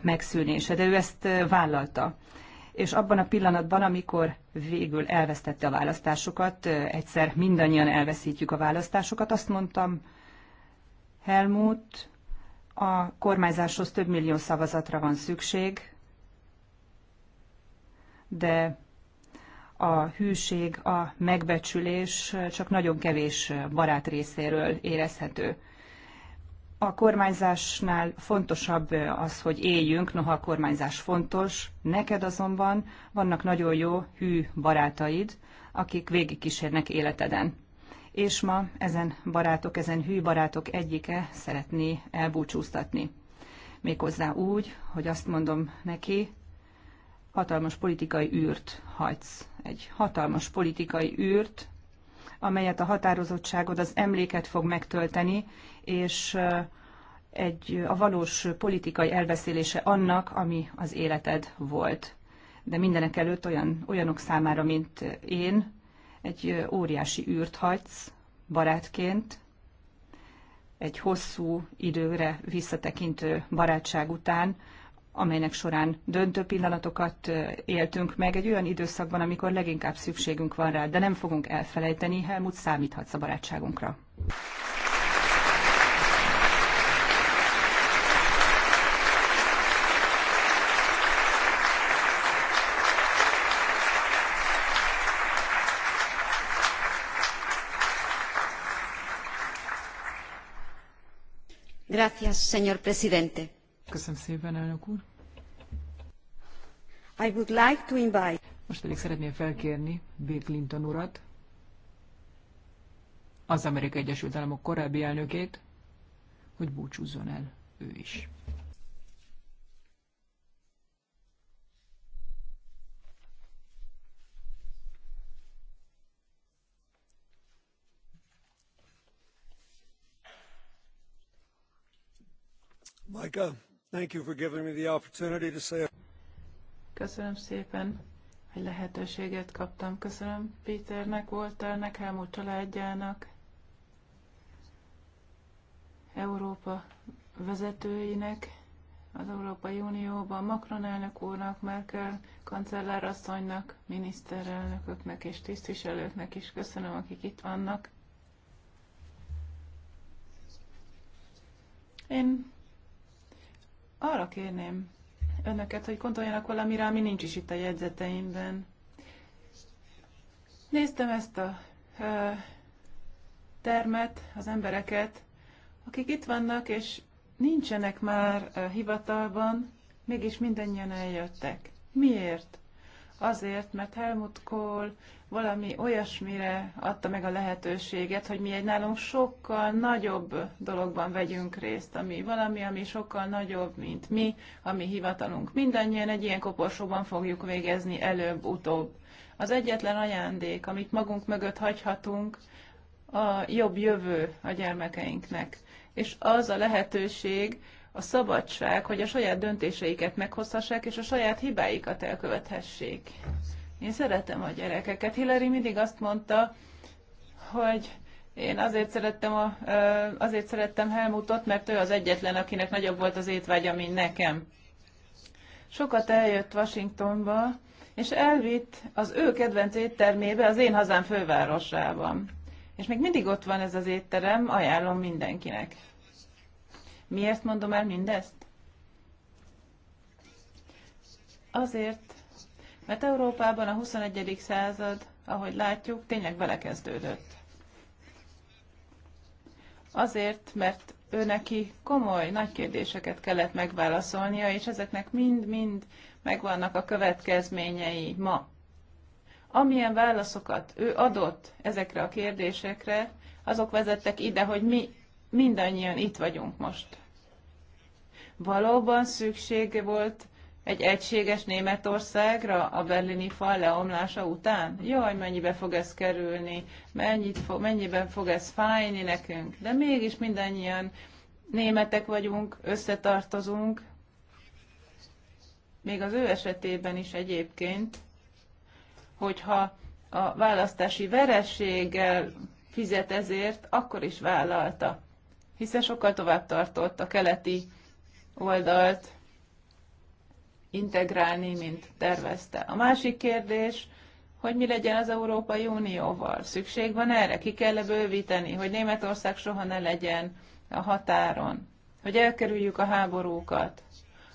megszűnése, de ő ezt vállalta. És abban a pillanatban, amikor végül elvesztette a választásokat, egyszer mindannyian elveszítjük a választásokat, azt mondtam, Helmut, a kormányzáshoz több millió szavazatra van szükség, de a hűség, a megbecsülés csak nagyon kevés barát részéről érezhető. A kormányzásnál fontosabb az, hogy éljünk, noha a kormányzás fontos, neked azonban vannak nagyon jó hű barátaid, akik végigkísérnek életeden. És ma ezen barátok, ezen hű barátok egyike szeretné elbúcsúztatni. Méghozzá úgy, hogy azt mondom neki, hatalmas politikai űrt hagysz. Egy hatalmas politikai űrt, amelyet a határozottságod az emléket fog megtölteni, és egy, a valós politikai elbeszélése annak, ami az életed volt. De mindenek előtt olyan, olyanok számára, mint én, egy óriási űrt hagysz barátként, egy hosszú időre visszatekintő barátság után, amelynek során döntő pillanatokat éltünk meg egy olyan időszakban, amikor leginkább szükségünk van rá, de nem fogunk elfelejteni, Helmut számíthatsz a barátságunkra. Gracias, señor presidente. Köszönöm szépen, elnök úr. I would like to invite. Most pedig szeretném felkérni Bill Clinton urat, az Amerikai Egyesült Államok korábbi elnökét, hogy búcsúzzon el ő is. Micah. Thank you for giving me the opportunity to say... Köszönöm szépen, hogy lehetőséget kaptam. Köszönöm Péternek, Volternek, Helmut családjának, Európa vezetőinek, az Európai Unióban, Macron elnök úrnak, Merkel kancellárasszonynak, miniszterelnököknek és tisztviselőknek is köszönöm, akik itt vannak. Én arra kérném önöket, hogy gondoljanak valamire, ami nincs is itt a jegyzeteimben. Néztem ezt a ö, termet, az embereket, akik itt vannak, és nincsenek már ö, hivatalban, mégis mindannyian eljöttek. Miért? azért, mert Helmut Kohl valami olyasmire adta meg a lehetőséget, hogy mi egy nálunk sokkal nagyobb dologban vegyünk részt, ami valami, ami sokkal nagyobb, mint mi, ami hivatalunk. Mindannyian egy ilyen koporsóban fogjuk végezni előbb-utóbb. Az egyetlen ajándék, amit magunk mögött hagyhatunk, a jobb jövő a gyermekeinknek. És az a lehetőség, a szabadság, hogy a saját döntéseiket meghozhassák, és a saját hibáikat elkövethessék. Én szeretem a gyerekeket. Hillary mindig azt mondta, hogy én azért szerettem, a, azért szerettem Helmutot, mert ő az egyetlen, akinek nagyobb volt az étvágya, mint nekem. Sokat eljött Washingtonba, és elvitt az ő kedvenc éttermébe, az én hazám fővárosában. És még mindig ott van ez az étterem, ajánlom mindenkinek. Miért mondom el mindezt? Azért, mert Európában a 21. század, ahogy látjuk, tényleg belekezdődött. Azért, mert ő neki komoly, nagy kérdéseket kellett megválaszolnia, és ezeknek mind-mind megvannak a következményei ma. Amilyen válaszokat ő adott ezekre a kérdésekre, azok vezettek ide, hogy mi mindannyian itt vagyunk most. Valóban szükség volt egy egységes Németországra a berlini fal leomlása után? Jaj, mennyibe fog ez kerülni, mennyit fo- mennyiben fog ez fájni nekünk, de mégis mindannyian németek vagyunk, összetartozunk, még az ő esetében is egyébként, hogyha a választási verességgel fizet ezért, akkor is vállalta hiszen sokkal tovább tartott a keleti oldalt integrálni, mint tervezte. A másik kérdés, hogy mi legyen az Európai Unióval. Szükség van erre? Ki kell -e bővíteni, hogy Németország soha ne legyen a határon? Hogy elkerüljük a háborúkat?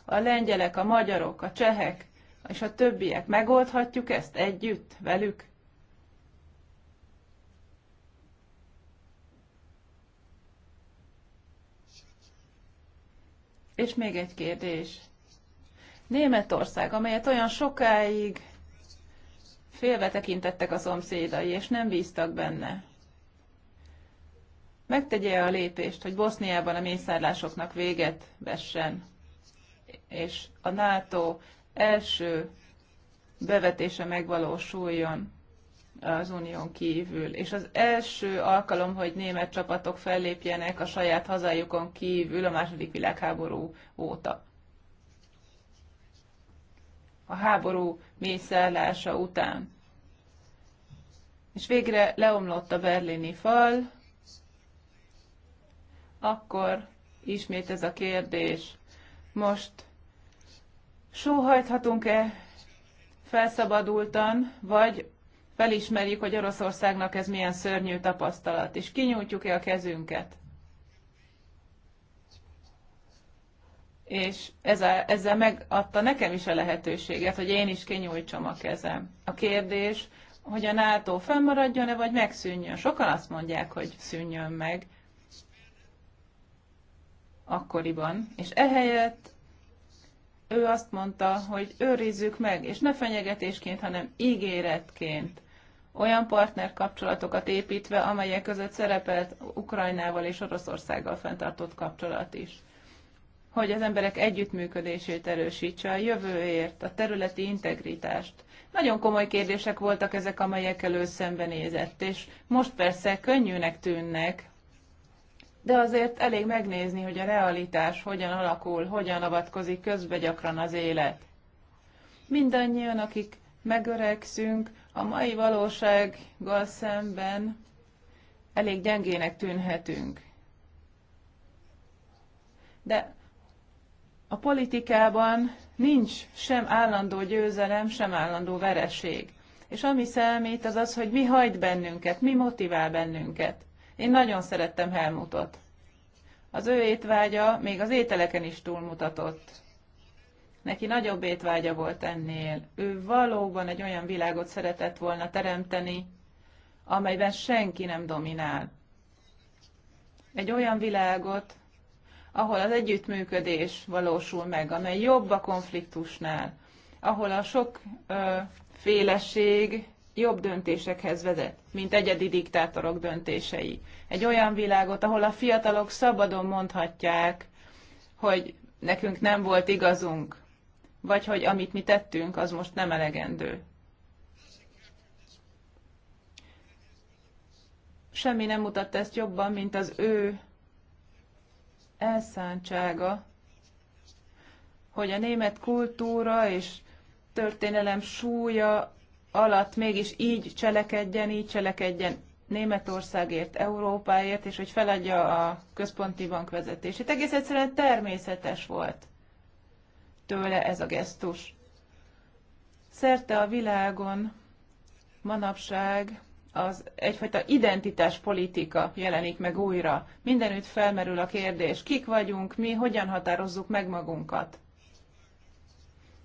A lengyelek, a magyarok, a csehek és a többiek megoldhatjuk ezt együtt, velük? És még egy kérdés. Németország, amelyet olyan sokáig félve tekintettek a szomszédai, és nem bíztak benne. Megtegye a lépést, hogy Boszniában a mészárlásoknak véget vessen, és a NATO első bevetése megvalósuljon az unión kívül. És az első alkalom, hogy német csapatok fellépjenek a saját hazájukon kívül a második világháború óta. A háború mészállása után. És végre leomlott a berlini fal, akkor ismét ez a kérdés. Most sóhajthatunk-e felszabadultan, vagy felismerjük, hogy Oroszországnak ez milyen szörnyű tapasztalat, és kinyújtjuk-e a kezünket. és ezzel, ezzel megadta nekem is a lehetőséget, hogy én is kinyújtsam a kezem. A kérdés, hogy a NATO fennmaradjon-e, vagy megszűnjön. Sokan azt mondják, hogy szűnjön meg akkoriban. És ehelyett ő azt mondta, hogy őrizzük meg, és ne fenyegetésként, hanem ígéretként olyan partnerkapcsolatokat építve, amelyek között szerepelt Ukrajnával és Oroszországgal fenntartott kapcsolat is. Hogy az emberek együttműködését erősítse, a jövőért, a területi integritást. Nagyon komoly kérdések voltak ezek, amelyekkel ő szembenézett, és most persze könnyűnek tűnnek, de azért elég megnézni, hogy a realitás hogyan alakul, hogyan avatkozik közbe gyakran az élet. Mindannyian, akik megöregszünk, a mai valósággal szemben elég gyengének tűnhetünk. De a politikában nincs sem állandó győzelem, sem állandó vereség. És ami számít, az az, hogy mi hajt bennünket, mi motivál bennünket. Én nagyon szerettem Helmutot. Az ő étvágya még az ételeken is túlmutatott. Neki nagyobb étvágya volt ennél. Ő valóban egy olyan világot szeretett volna teremteni, amelyben senki nem dominál. Egy olyan világot, ahol az együttműködés valósul meg, amely jobb a konfliktusnál, ahol a sok ö, féleség jobb döntésekhez vezet, mint egyedi diktátorok döntései. Egy olyan világot, ahol a fiatalok szabadon mondhatják, hogy nekünk nem volt igazunk, vagy hogy amit mi tettünk, az most nem elegendő. Semmi nem mutatta ezt jobban, mint az ő elszántsága, hogy a német kultúra és történelem súlya alatt mégis így cselekedjen, így cselekedjen Németországért, Európáért, és hogy feladja a központi bank vezetését. Egész egyszerűen természetes volt tőle ez a gesztus. Szerte a világon manapság az egyfajta identitáspolitika jelenik meg újra. Mindenütt felmerül a kérdés, kik vagyunk, mi, hogyan határozzuk meg magunkat.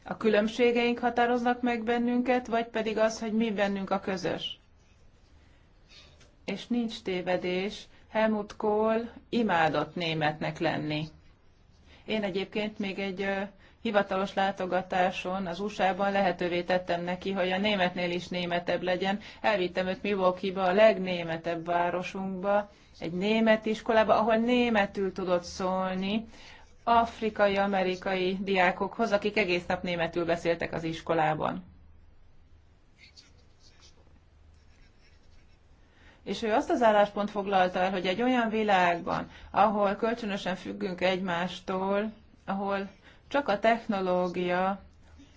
A különbségeink határoznak meg bennünket, vagy pedig az, hogy mi bennünk a közös. És nincs tévedés, Helmut Kohl imádott németnek lenni. Én egyébként még egy hivatalos látogatáson az USA-ban lehetővé tettem neki, hogy a németnél is németebb legyen. Elvittem őt Milwaukee-ba, a legnémetebb városunkba, egy német iskolába, ahol németül tudott szólni afrikai-amerikai diákokhoz, akik egész nap németül beszéltek az iskolában. És ő azt az álláspont foglalta el, hogy egy olyan világban, ahol kölcsönösen függünk egymástól, ahol csak a technológia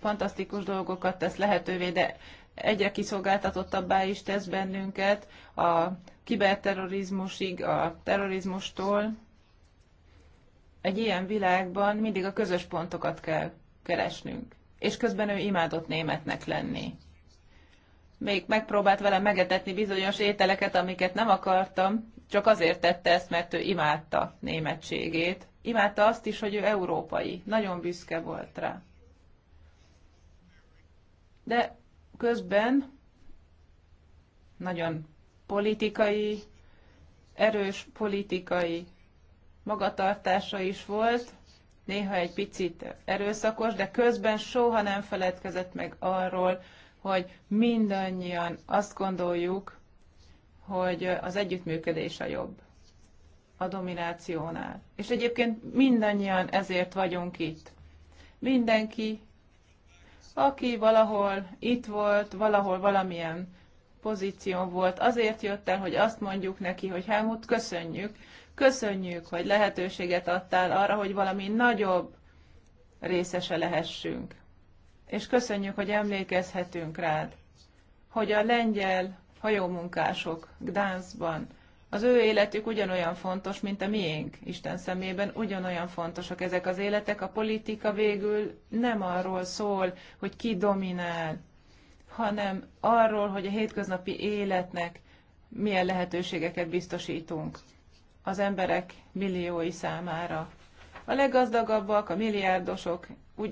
fantasztikus dolgokat tesz lehetővé, de egyre kiszolgáltatottabbá is tesz bennünket a kiberterrorizmusig, a terrorizmustól. Egy ilyen világban mindig a közös pontokat kell keresnünk, és közben ő imádott németnek lenni. Még megpróbált velem megetetni bizonyos ételeket, amiket nem akartam, csak azért tette ezt, mert ő imádta németségét imádta azt is, hogy ő európai. Nagyon büszke volt rá. De közben nagyon politikai, erős politikai magatartása is volt, néha egy picit erőszakos, de közben soha nem feledkezett meg arról, hogy mindannyian azt gondoljuk, hogy az együttműködés a jobb a dominációnál. És egyébként mindannyian ezért vagyunk itt. Mindenki, aki valahol itt volt, valahol valamilyen pozíció volt, azért jött el, hogy azt mondjuk neki, hogy Helmut, köszönjük, köszönjük, hogy lehetőséget adtál arra, hogy valami nagyobb részese lehessünk. És köszönjük, hogy emlékezhetünk rád, hogy a lengyel hajómunkások Gdanszban az ő életük ugyanolyan fontos, mint a miénk Isten szemében, ugyanolyan fontosak ezek az életek. A politika végül nem arról szól, hogy ki dominál, hanem arról, hogy a hétköznapi életnek milyen lehetőségeket biztosítunk az emberek milliói számára. A leggazdagabbak, a milliárdosok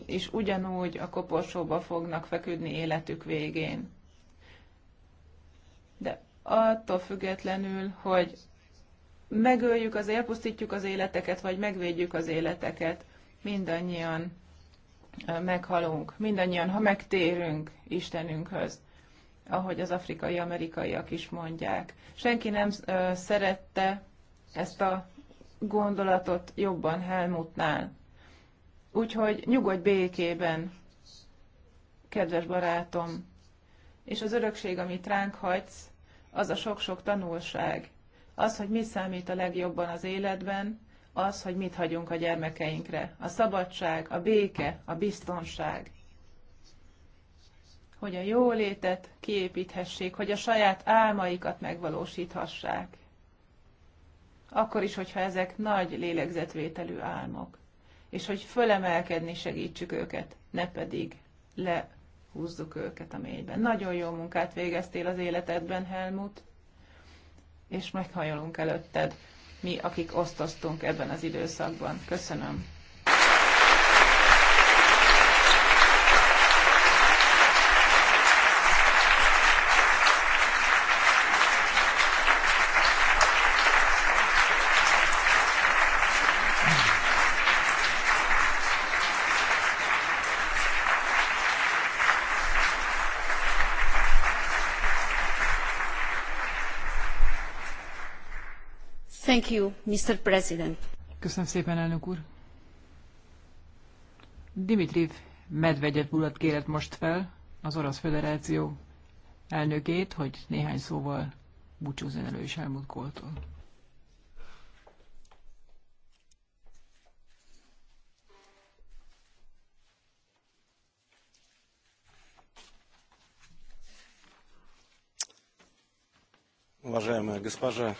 is ugyanúgy a koporsóba fognak feküdni életük végén. De attól függetlenül, hogy megöljük az, elpusztítjuk az életeket, vagy megvédjük az életeket, mindannyian meghalunk, mindannyian, ha megtérünk Istenünkhöz, ahogy az afrikai amerikaiak is mondják. Senki nem szerette ezt a gondolatot jobban Helmutnál. Úgyhogy nyugodj békében, kedves barátom, és az örökség, amit ránk hagysz, az a sok-sok tanulság, az, hogy mi számít a legjobban az életben, az, hogy mit hagyunk a gyermekeinkre. A szabadság, a béke, a biztonság. Hogy a jólétet kiépíthessék, hogy a saját álmaikat megvalósíthassák. Akkor is, hogyha ezek nagy lélegzetvételű álmok. És hogy fölemelkedni segítsük őket, ne pedig le húzzuk őket a mélyben. Nagyon jó munkát végeztél az életedben, Helmut, és meghajolunk előtted, mi, akik osztoztunk ebben az időszakban. Köszönöm. Thank you, Mr. President. Köszönöm szépen, elnök úr. Dimitriv Medvegyev urat kérett most fel, az Orosz Föderáció elnökét, hogy néhány szóval búcsúzzon elő is Helmut Kohltól. Уважаемая госпожа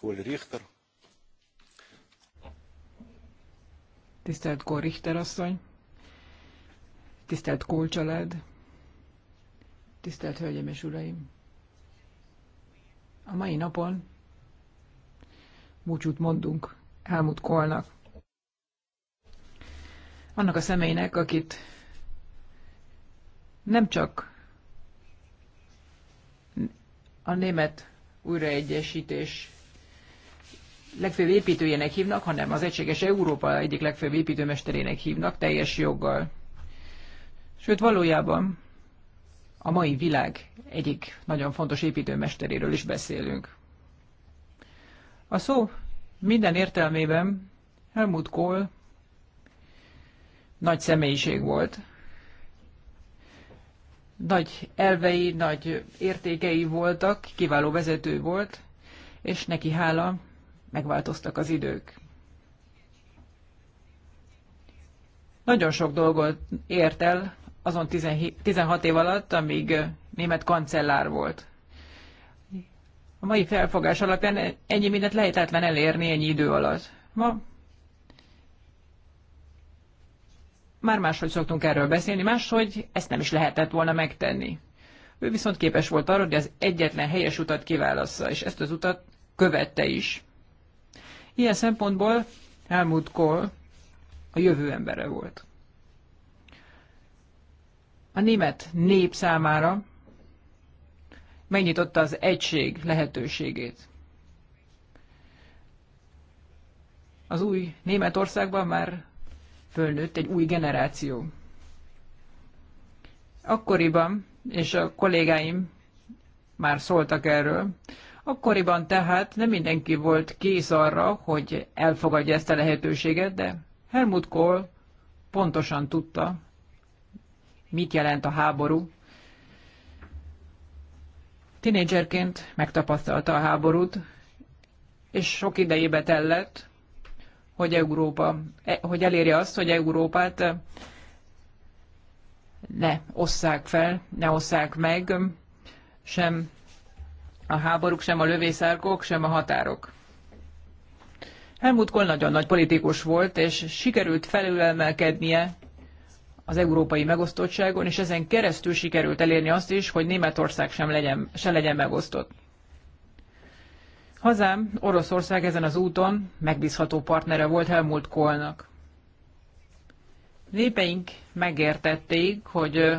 Коль Рихтер, tisztelt Korrichter asszony, tisztelt Kól tisztelt Hölgyeim és Uraim! A mai napon búcsút mondunk Helmut Kohlnak. Annak a személynek, akit nem csak a német újraegyesítés legfőbb építőjének hívnak, hanem az Egységes Európa egyik legfőbb építőmesterének hívnak, teljes joggal. Sőt, valójában a mai világ egyik nagyon fontos építőmesteréről is beszélünk. A szó minden értelmében Helmut Kohl nagy személyiség volt. Nagy elvei, nagy értékei voltak, kiváló vezető volt, és neki hála megváltoztak az idők. Nagyon sok dolgot ért el azon 16 év alatt, amíg német kancellár volt. A mai felfogás alapján ennyi mindent lehetetlen elérni ennyi idő alatt. Ma már máshogy szoktunk erről beszélni, máshogy ezt nem is lehetett volna megtenni. Ő viszont képes volt arra, hogy az egyetlen helyes utat kiválassza, és ezt az utat követte is. Ilyen szempontból Helmut Kohl a jövő embere volt. A német nép számára megnyitotta az egység lehetőségét. Az új Németországban már fölnőtt egy új generáció. Akkoriban, és a kollégáim már szóltak erről, Akkoriban tehát nem mindenki volt kész arra, hogy elfogadja ezt a lehetőséget, de Helmut Kohl pontosan tudta, mit jelent a háború. Tinédzserként megtapasztalta a háborút, és sok idejébe tellett, hogy, Európa, e, hogy elérje azt, hogy Európát e, ne osszák fel, ne osszák meg, sem a háborúk, sem a lövészárkok, sem a határok. Helmut Kohl nagyon nagy politikus volt, és sikerült felülemelkednie az európai megosztottságon, és ezen keresztül sikerült elérni azt is, hogy Németország sem legyen, se legyen megosztott. Hazám, Oroszország ezen az úton megbízható partnere volt Helmut Kohlnak. Népeink megértették, hogy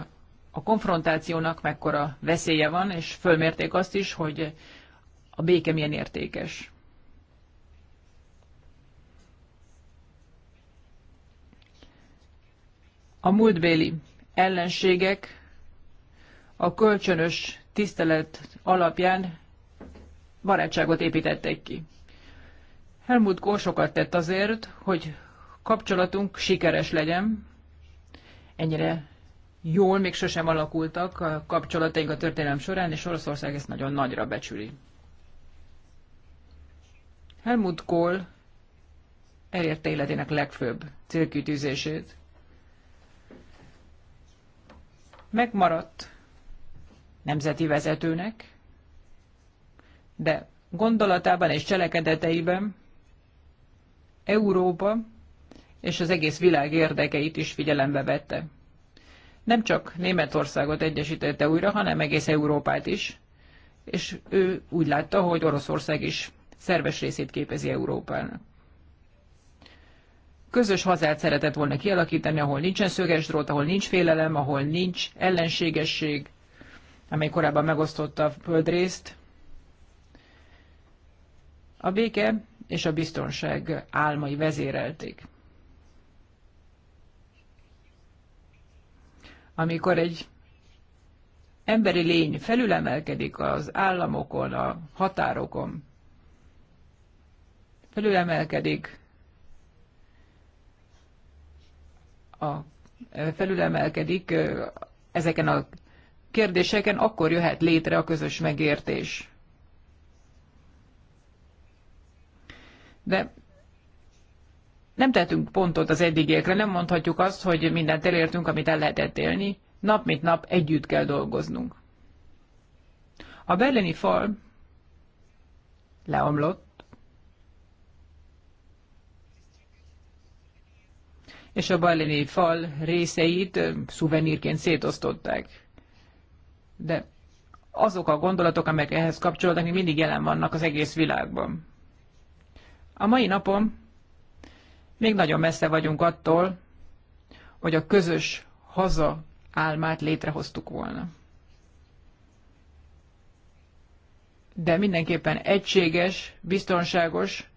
a konfrontációnak mekkora veszélye van, és fölmérték azt is, hogy a béke milyen értékes. A múltbéli ellenségek a kölcsönös tisztelet alapján barátságot építettek ki. Helmut Kohl sokat tett azért, hogy kapcsolatunk sikeres legyen, ennyire jól még sosem alakultak a kapcsolataink a történelem során, és Oroszország ezt nagyon nagyra becsüli. Helmut Kohl elérte életének legfőbb célkütűzését. Megmaradt nemzeti vezetőnek, de gondolatában és cselekedeteiben Európa és az egész világ érdekeit is figyelembe vette nem csak Németországot egyesítette újra, hanem egész Európát is, és ő úgy látta, hogy Oroszország is szerves részét képezi Európának. Közös hazát szeretett volna kialakítani, ahol nincsen szöges drót, ahol nincs félelem, ahol nincs ellenségesség, amely korábban megosztotta a földrészt. A béke és a biztonság álmai vezérelték. amikor egy emberi lény felülemelkedik az államokon, a határokon, felülemelkedik a, felülemelkedik ezeken a kérdéseken, akkor jöhet létre a közös megértés. De nem tehetünk pontot az eddigiekre, nem mondhatjuk azt, hogy mindent elértünk, amit el lehetett élni, nap mint nap együtt kell dolgoznunk. A berlini fal leomlott, és a berlini fal részeit szuvenírként szétosztották. De azok a gondolatok, amelyek ehhez kapcsolódnak, mindig jelen vannak az egész világban. A mai napon még nagyon messze vagyunk attól, hogy a közös haza álmát létrehoztuk volna. De mindenképpen egységes, biztonságos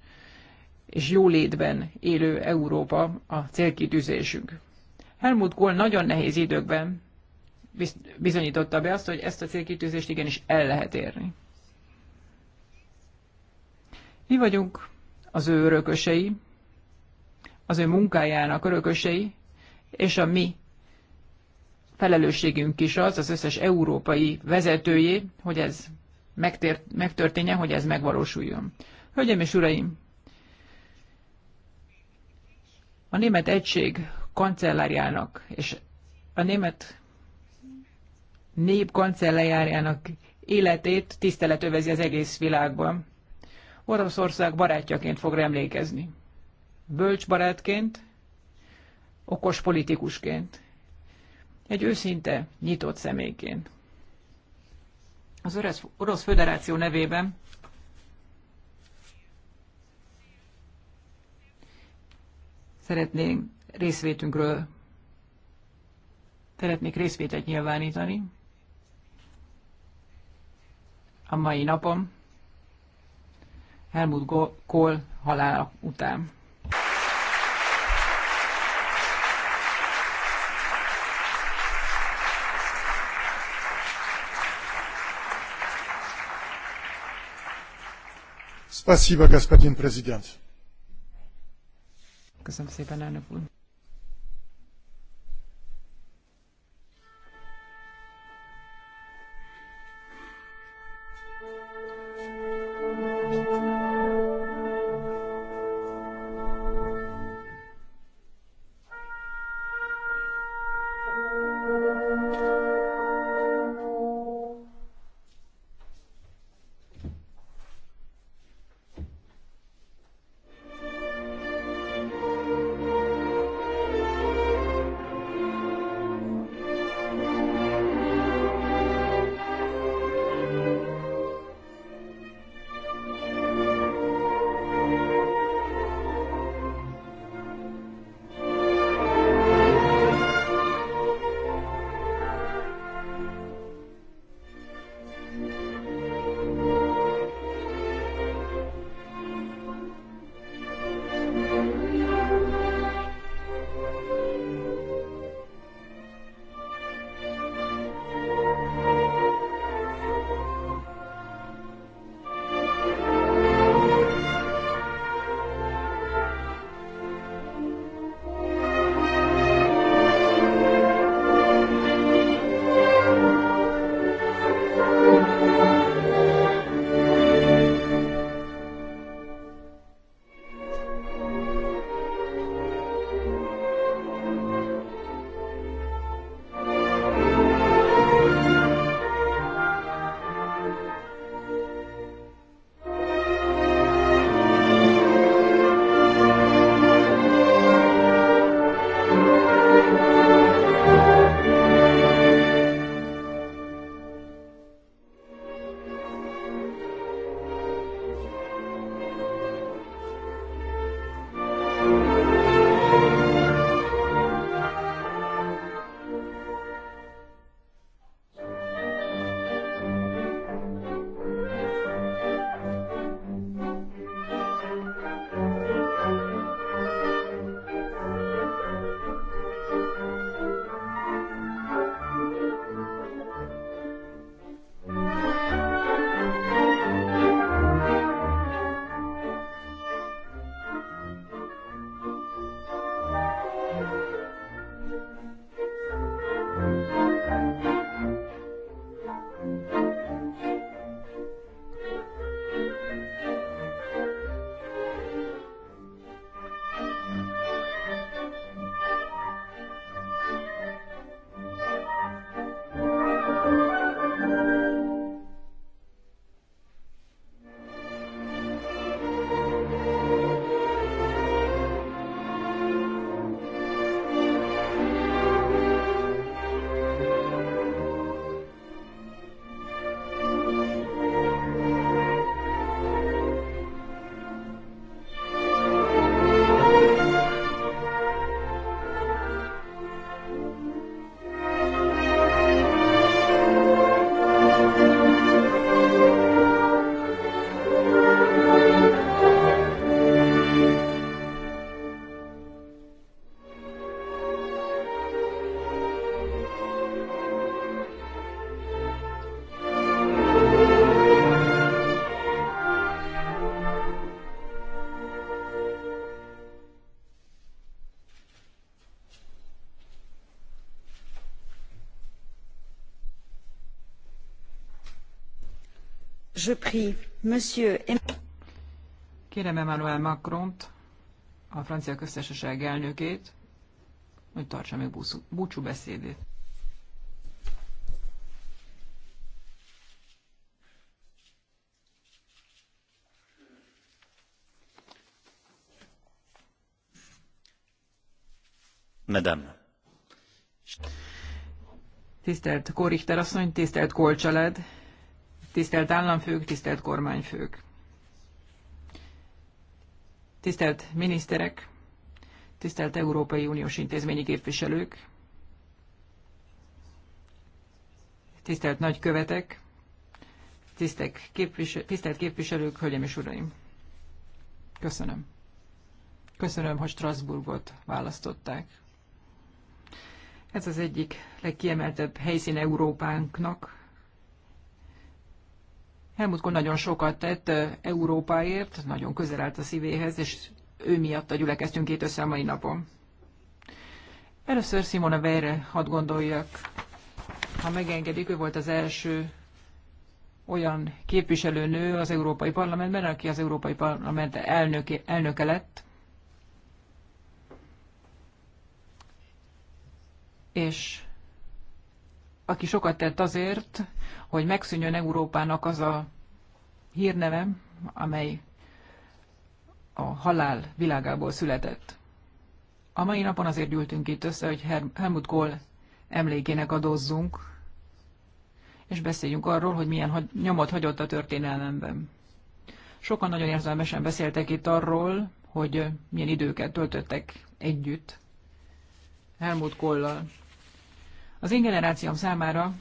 és jólétben élő Európa a célkitűzésünk. Helmut Kohl nagyon nehéz időkben bizonyította be azt, hogy ezt a célkitűzést igenis el lehet érni. Mi vagyunk az ő örökösei, az ő munkájának örökösei, és a mi felelősségünk is az, az összes európai vezetőjé, hogy ez megtért, megtörténjen, hogy ez megvalósuljon. Hölgyeim és uraim, a német egység kancellárjának és a német nép kancellárjának életét tisztelet övezi az egész világban. Oroszország barátjaként fog emlékezni bölcs barátként, okos politikusként, egy őszinte, nyitott személyként. Az Orosz, Föderáció nevében szeretnénk részvétünkről szeretnék részvétet nyilvánítani a mai napon Helmut Kohl halála után. Спасибо, господин президент. Köszönöm szépen, elnök úr. Kérem Emmanuel t a francia köztársaság elnökét, hogy tartsa meg búcsú, beszédét. Tisztelt Kórichter asszony, tisztelt Kolcsalád, tisztelt államfők, tisztelt kormányfők, tisztelt miniszterek, tisztelt Európai Uniós intézményi képviselők, tisztelt nagykövetek, tisztelt, képvisel, tisztelt képviselők, hölgyeim és uraim! Köszönöm. Köszönöm, hogy Strasbourgot választották. Ez az egyik legkiemeltebb helyszín Európánknak, Helmut Kohl nagyon sokat tett Európáért, nagyon közel állt a szívéhez, és ő miatt gyülekeztünk két össze a mai napon. Először Simona Weyre hadd gondoljak, ha megengedik, ő volt az első olyan képviselőnő az Európai Parlamentben, aki az Európai Parlament elnöke, elnöke lett, és aki sokat tett azért, hogy megszűnjön Európának az a hírneve, amely a halál világából született. A mai napon azért gyűltünk itt össze, hogy Helmut Kohl emlékének adózzunk, és beszéljünk arról, hogy milyen nyomot hagyott a történelemben. Sokan nagyon érzelmesen beszéltek itt arról, hogy milyen időket töltöttek együtt Helmut Kollal. Az én generációm számára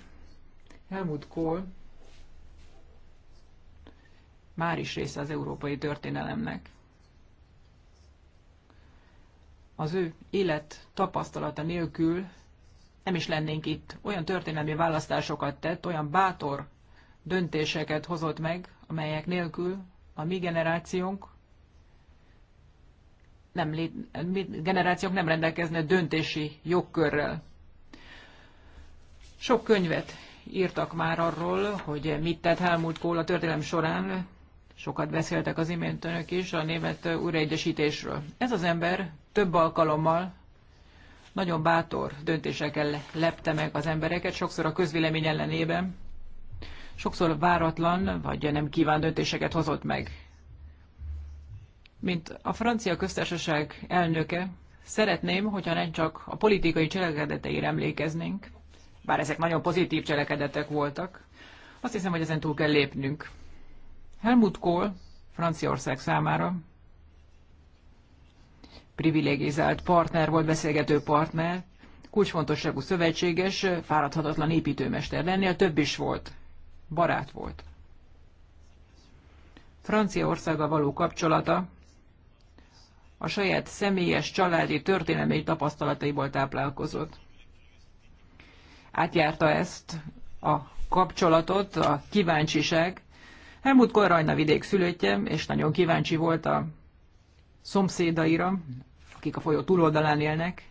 Helmut Kohl már is része az európai történelemnek. Az ő élet tapasztalata nélkül nem is lennénk itt. Olyan történelmi választásokat tett, olyan bátor döntéseket hozott meg, amelyek nélkül a mi generációnk nem lé... mi generációk nem rendelkezne döntési jogkörrel. Sok könyvet írtak már arról, hogy mit tett Helmut Kohl a történelem során. Sokat beszéltek az imént önök is a német újraegyesítésről. Ez az ember több alkalommal nagyon bátor döntésekkel lepte meg az embereket, sokszor a közvélemény ellenében, sokszor váratlan vagy nem kíván döntéseket hozott meg. Mint a francia köztársaság elnöke, szeretném, hogyha nem csak a politikai cselekedeteire emlékeznénk, bár ezek nagyon pozitív cselekedetek voltak, azt hiszem, hogy ezen túl kell lépnünk. Helmut Kohl Franciaország számára privilegizált partner volt, beszélgető partner, kulcsfontosságú szövetséges, fáradhatatlan építőmester lennél, több is volt, barát volt. Franciaországgal való kapcsolata a saját személyes családi történelmi tapasztalataiból táplálkozott átjárta ezt a kapcsolatot, a kíváncsiság. Helmut Korrajna a vidék szülöttje, és nagyon kíváncsi volt a szomszédaira, akik a folyó túloldalán élnek,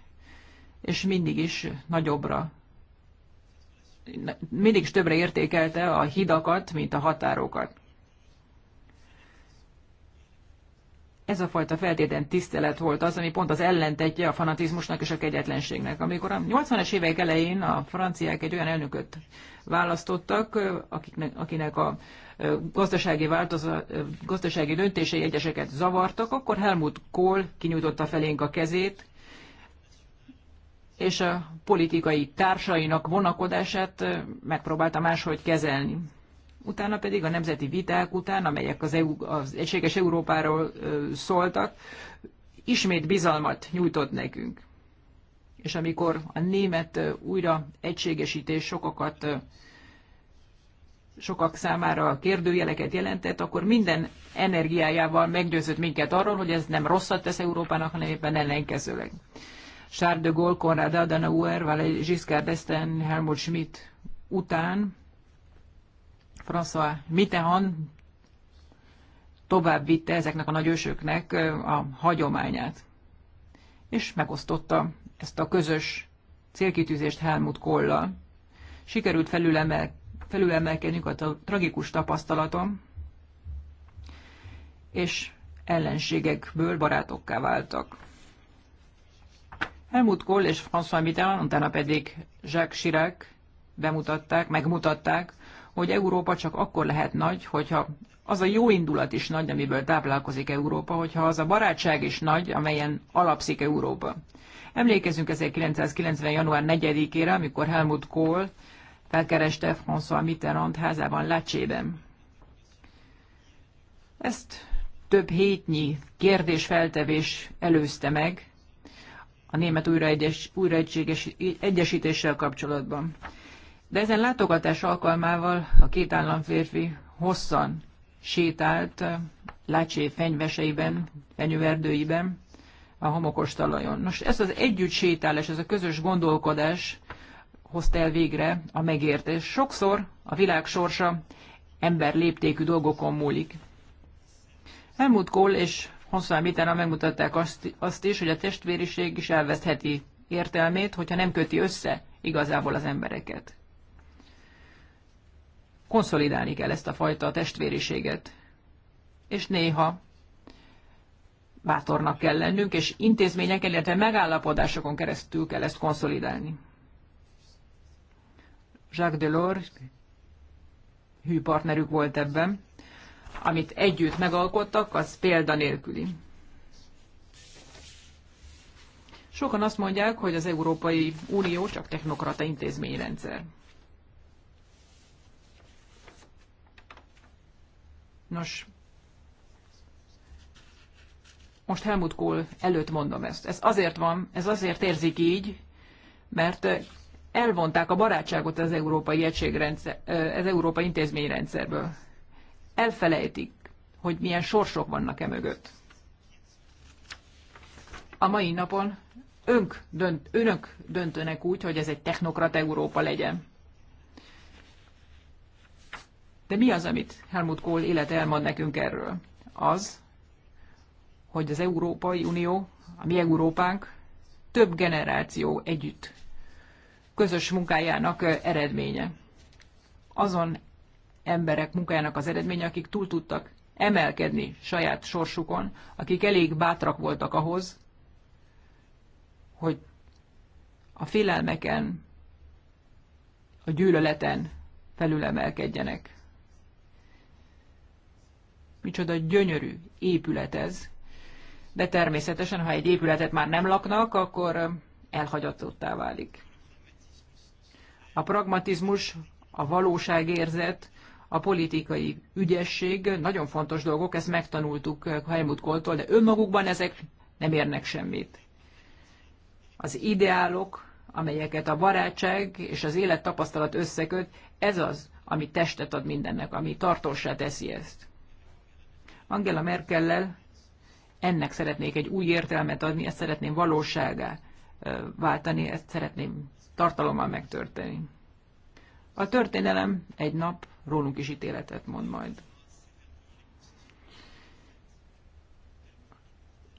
és mindig is nagyobbra, mindig is többre értékelte a hidakat, mint a határokat. ez a fajta feltétlen tisztelet volt az, ami pont az ellentetje a fanatizmusnak és a kegyetlenségnek. Amikor a 80-es évek elején a franciák egy olyan elnököt választottak, akiknek, akinek a gazdasági, változat, gazdasági döntései egyeseket zavartak, akkor Helmut Kohl kinyújtotta felénk a kezét, és a politikai társainak vonakodását megpróbálta máshogy kezelni utána pedig a nemzeti viták után, amelyek az, EU, az egységes Európáról szóltak, ismét bizalmat nyújtott nekünk. És amikor a német újra egységesítés sokakat, sokak számára kérdőjeleket jelentett, akkor minden energiájával meggyőzött minket arról, hogy ez nem rosszat tesz Európának, hanem éppen ellenkezőleg. Charles de Gaulle, Konrad Adenauer, Valéry Giscard d'Estaing, Helmut Schmidt után François Mitterrand tovább vitte ezeknek a nagyősöknek a hagyományát. És megosztotta ezt a közös célkitűzést Helmut Kollal. Sikerült felülemel, felülemelkednünk a tragikus tapasztalatom, és ellenségekből barátokká váltak. Helmut Kohl és François Mitterrand, utána pedig Jacques Chirac bemutatták, megmutatták, hogy Európa csak akkor lehet nagy, hogyha az a jó indulat is nagy, amiből táplálkozik Európa, hogyha az a barátság is nagy, amelyen alapszik Európa. Emlékezünk 1990. január 4-ére, amikor Helmut Kohl felkereste François Mitterrand házában Lecsében. Ezt több hétnyi kérdésfeltevés előzte meg a német újraegyes, újraegységes egyesítéssel kapcsolatban. De ezen látogatás alkalmával a két államférfi hosszan sétált Lácsé fenyveseiben, fenyőerdőiben, a homokos talajon. Nos, ez az együtt sétálás, ez a közös gondolkodás hozta el végre a megértés. Sokszor a világ sorsa ember léptékű dolgokon múlik. Helmut Kohl és François Mitterrand megmutatták azt, azt is, hogy a testvériség is elvesztheti értelmét, hogyha nem köti össze igazából az embereket konszolidálni kell ezt a fajta testvériséget. És néha bátornak kell lennünk, és intézmények, illetve megállapodásokon keresztül kell ezt konszolidálni. Jacques Delors hű partnerük volt ebben, amit együtt megalkottak, az nélküli. Sokan azt mondják, hogy az Európai Unió csak technokrata intézményrendszer. Nos, most Helmut Kohl előtt mondom ezt. Ez azért van, ez azért érzik így, mert elvonták a barátságot az európai az európai intézményrendszerből. Elfelejtik, hogy milyen sorsok vannak e mögött. A mai napon önk dönt, önök döntönek úgy, hogy ez egy technokrat Európa legyen. De mi az, amit Helmut Kohl élete elmond nekünk erről? Az, hogy az Európai Unió, a mi Európánk több generáció együtt közös munkájának eredménye. Azon emberek munkájának az eredménye, akik túl tudtak emelkedni saját sorsukon, akik elég bátrak voltak ahhoz, hogy a félelmeken, a gyűlöleten felülemelkedjenek micsoda gyönyörű épület ez. De természetesen, ha egy épületet már nem laknak, akkor elhagyatottá válik. A pragmatizmus, a valóságérzet, a politikai ügyesség nagyon fontos dolgok, ezt megtanultuk Helmut Koltól, de önmagukban ezek nem érnek semmit. Az ideálok, amelyeket a barátság és az élettapasztalat összeköt, ez az, ami testet ad mindennek, ami tartósá teszi ezt. Angela Merkellel ennek szeretnék egy új értelmet adni, ezt szeretném valóságá váltani, ezt szeretném tartalommal megtörténni. A történelem egy nap rólunk is ítéletet mond majd.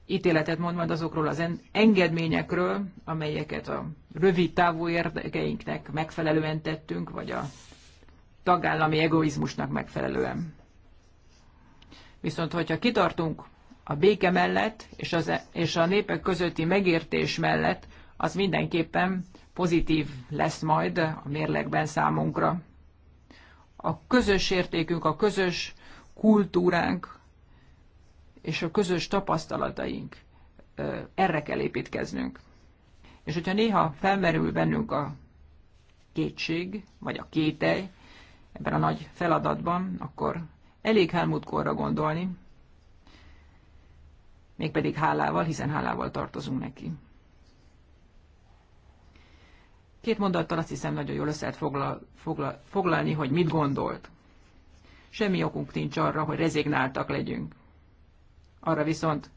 Ítéletet mond majd azokról az engedményekről, amelyeket a rövid távú érdekeinknek megfelelően tettünk, vagy a tagállami egoizmusnak megfelelően. Viszont, hogyha kitartunk a béke mellett és, az, e- és a népek közötti megértés mellett, az mindenképpen pozitív lesz majd a mérlegben számunkra. A közös értékünk, a közös kultúránk és a közös tapasztalataink erre kell építkeznünk. És hogyha néha felmerül bennünk a kétség, vagy a kételj ebben a nagy feladatban, akkor Elég Helmut korra gondolni, mégpedig hálával, hiszen hálával tartozunk neki. Két mondattal azt hiszem nagyon jól össze lehet foglal, foglal, foglalni, hogy mit gondolt. Semmi okunk nincs arra, hogy rezignáltak legyünk. Arra viszont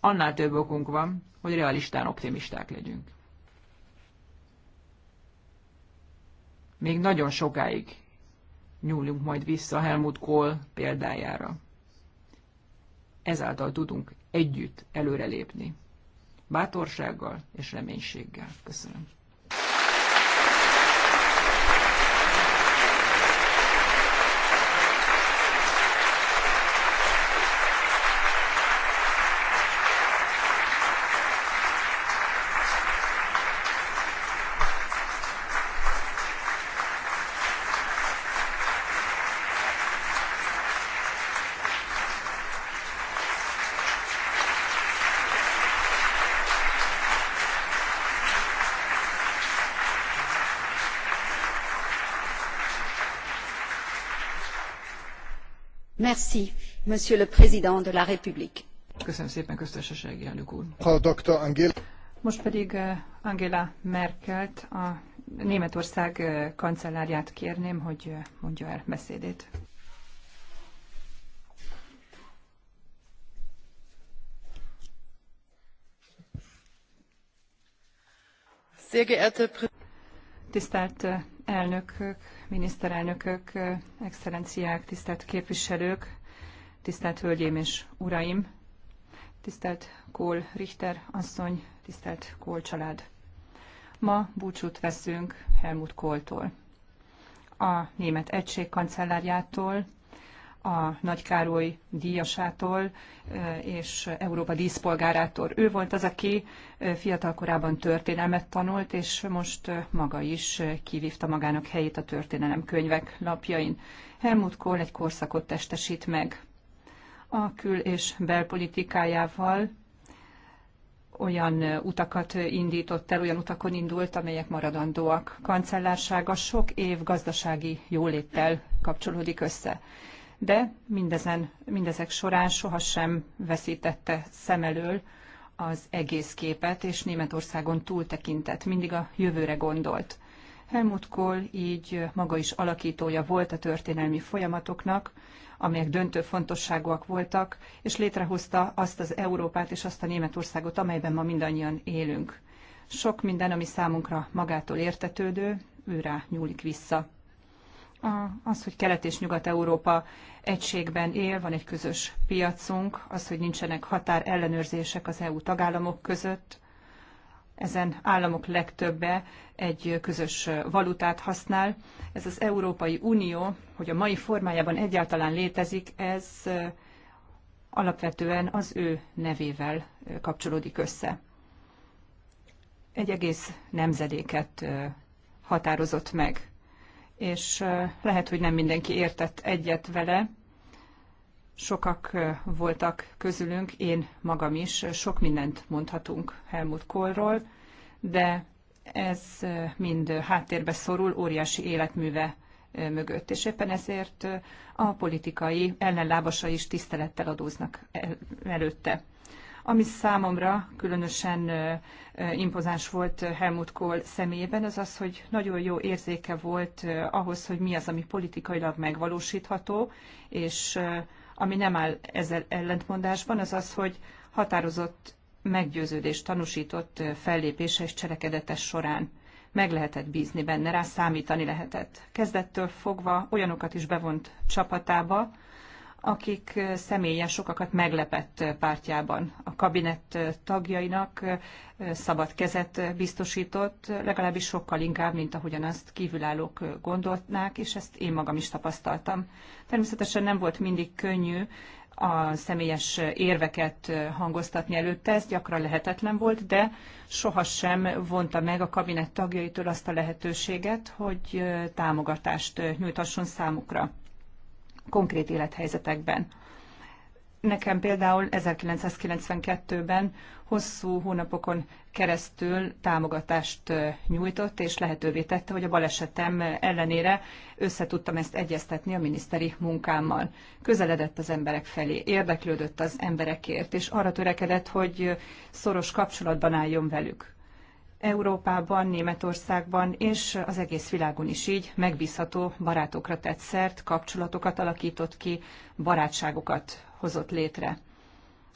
annál több okunk van, hogy realistán optimisták legyünk. Még nagyon sokáig nyúlunk majd vissza Helmut Kohl példájára. Ezáltal tudunk együtt előrelépni. Bátorsággal és reménységgel. Köszönöm. Merci, Monsieur le Président de la République. Köszönöm szépen, köztársasági elnök úr. Most pedig eh, Angela Merkelt, a Németország eh, kancellárját kérném, hogy eh, mondja el beszédét. Tisztelt Elnökök, miniszterelnökök, excellenciák, tisztelt képviselők, tisztelt hölgyeim és uraim, tisztelt Kohl Richter asszony, tisztelt Kohl család. Ma búcsút veszünk Helmut Kohltól, a német egység kancellárjától, a Nagy Károly díjasától e, és Európa díszpolgárától. Ő volt az, aki e, fiatal korában történelmet tanult, és most e, maga is kivívta magának helyét a történelem könyvek lapjain. Helmut Kohl egy korszakot testesít meg. A kül- és belpolitikájával olyan utakat indított el, olyan utakon indult, amelyek maradandóak. Kancellársága sok év gazdasági jóléttel kapcsolódik össze de mindezen, mindezek során sohasem veszítette szem elől az egész képet, és Németországon túltekintett, mindig a jövőre gondolt. Helmut Kohl így maga is alakítója volt a történelmi folyamatoknak, amelyek döntő fontosságúak voltak, és létrehozta azt az Európát és azt a Németországot, amelyben ma mindannyian élünk. Sok minden, ami számunkra magától értetődő, őrá nyúlik vissza az, hogy Kelet és Nyugat-Európa egységben él, van egy közös piacunk, az, hogy nincsenek határ ellenőrzések az EU tagállamok között, ezen államok legtöbbe egy közös valutát használ. Ez az Európai Unió, hogy a mai formájában egyáltalán létezik, ez alapvetően az ő nevével kapcsolódik össze. Egy egész nemzedéket határozott meg és lehet, hogy nem mindenki értett egyet vele. Sokak voltak közülünk, én magam is, sok mindent mondhatunk Helmut Kohlról, de ez mind háttérbe szorul, óriási életműve mögött. És éppen ezért a politikai ellenlábasai is tisztelettel adóznak előtte. Ami számomra különösen impozáns volt Helmut Kohl személyében, az az, hogy nagyon jó érzéke volt ahhoz, hogy mi az, ami politikailag megvalósítható, és ami nem áll ezzel ellentmondásban, az az, hogy határozott meggyőződést tanúsított fellépése és cselekedetes során meg lehetett bízni benne, rá számítani lehetett. Kezdettől fogva olyanokat is bevont csapatába, akik személyes sokakat meglepett pártjában. A kabinett tagjainak szabad kezet biztosított, legalábbis sokkal inkább, mint ahogyan azt kívülállók gondolták, és ezt én magam is tapasztaltam. Természetesen nem volt mindig könnyű a személyes érveket hangoztatni előtte, ez gyakran lehetetlen volt, de sohasem vonta meg a kabinett tagjaitől azt a lehetőséget, hogy támogatást nyújtasson számukra konkrét élethelyzetekben. Nekem például 1992-ben hosszú hónapokon keresztül támogatást nyújtott, és lehetővé tette, hogy a balesetem ellenére összetudtam ezt egyeztetni a miniszteri munkámmal. Közeledett az emberek felé, érdeklődött az emberekért, és arra törekedett, hogy szoros kapcsolatban álljon velük. Európában, Németországban és az egész világon is így megbízható barátokra tett szert, kapcsolatokat alakított ki, barátságokat hozott létre.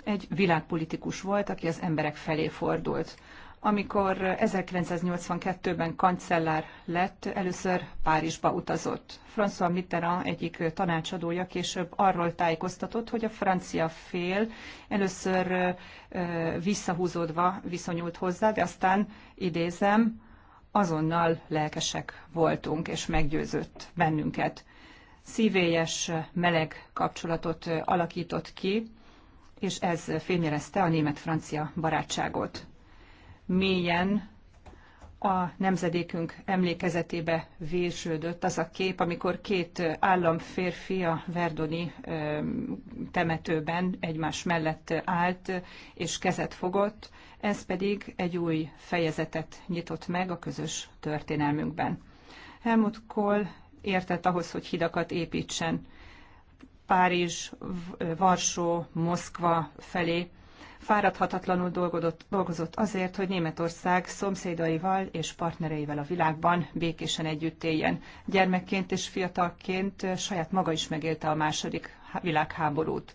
Egy világpolitikus volt, aki az emberek felé fordult amikor 1982-ben kancellár lett, először Párizsba utazott. François Mitterrand egyik tanácsadója később arról tájékoztatott, hogy a francia fél először visszahúzódva viszonyult hozzá, de aztán idézem, azonnal lelkesek voltunk, és meggyőzött bennünket. Szívélyes, meleg kapcsolatot alakított ki, és ez fémjelezte a német-francia barátságot mélyen a nemzedékünk emlékezetébe vésődött az a kép, amikor két államférfi a Verdoni temetőben egymás mellett állt és kezet fogott, ez pedig egy új fejezetet nyitott meg a közös történelmünkben. Helmut Kohl értett ahhoz, hogy hidakat építsen Párizs, Varsó, Moszkva felé, fáradhatatlanul dolgozott azért, hogy Németország szomszédaival és partnereivel a világban békésen együtt éljen. Gyermekként és fiatalként saját maga is megélte a második világháborút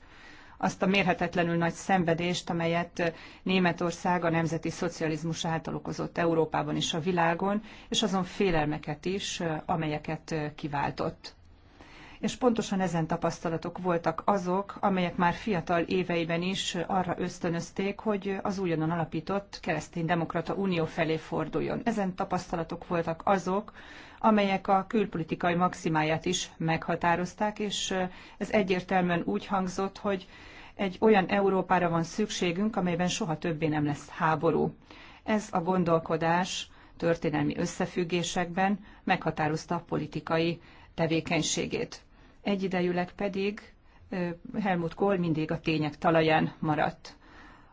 azt a mérhetetlenül nagy szenvedést, amelyet Németország a nemzeti szocializmus által okozott Európában és a világon, és azon félelmeket is, amelyeket kiváltott és pontosan ezen tapasztalatok voltak azok, amelyek már fiatal éveiben is arra ösztönözték, hogy az újonnan alapított kereszténydemokrata unió felé forduljon. Ezen tapasztalatok voltak azok, amelyek a külpolitikai maximáját is meghatározták, és ez egyértelműen úgy hangzott, hogy egy olyan Európára van szükségünk, amelyben soha többé nem lesz háború. Ez a gondolkodás történelmi összefüggésekben meghatározta a politikai tevékenységét egyidejűleg pedig Helmut Kohl mindig a tények talaján maradt.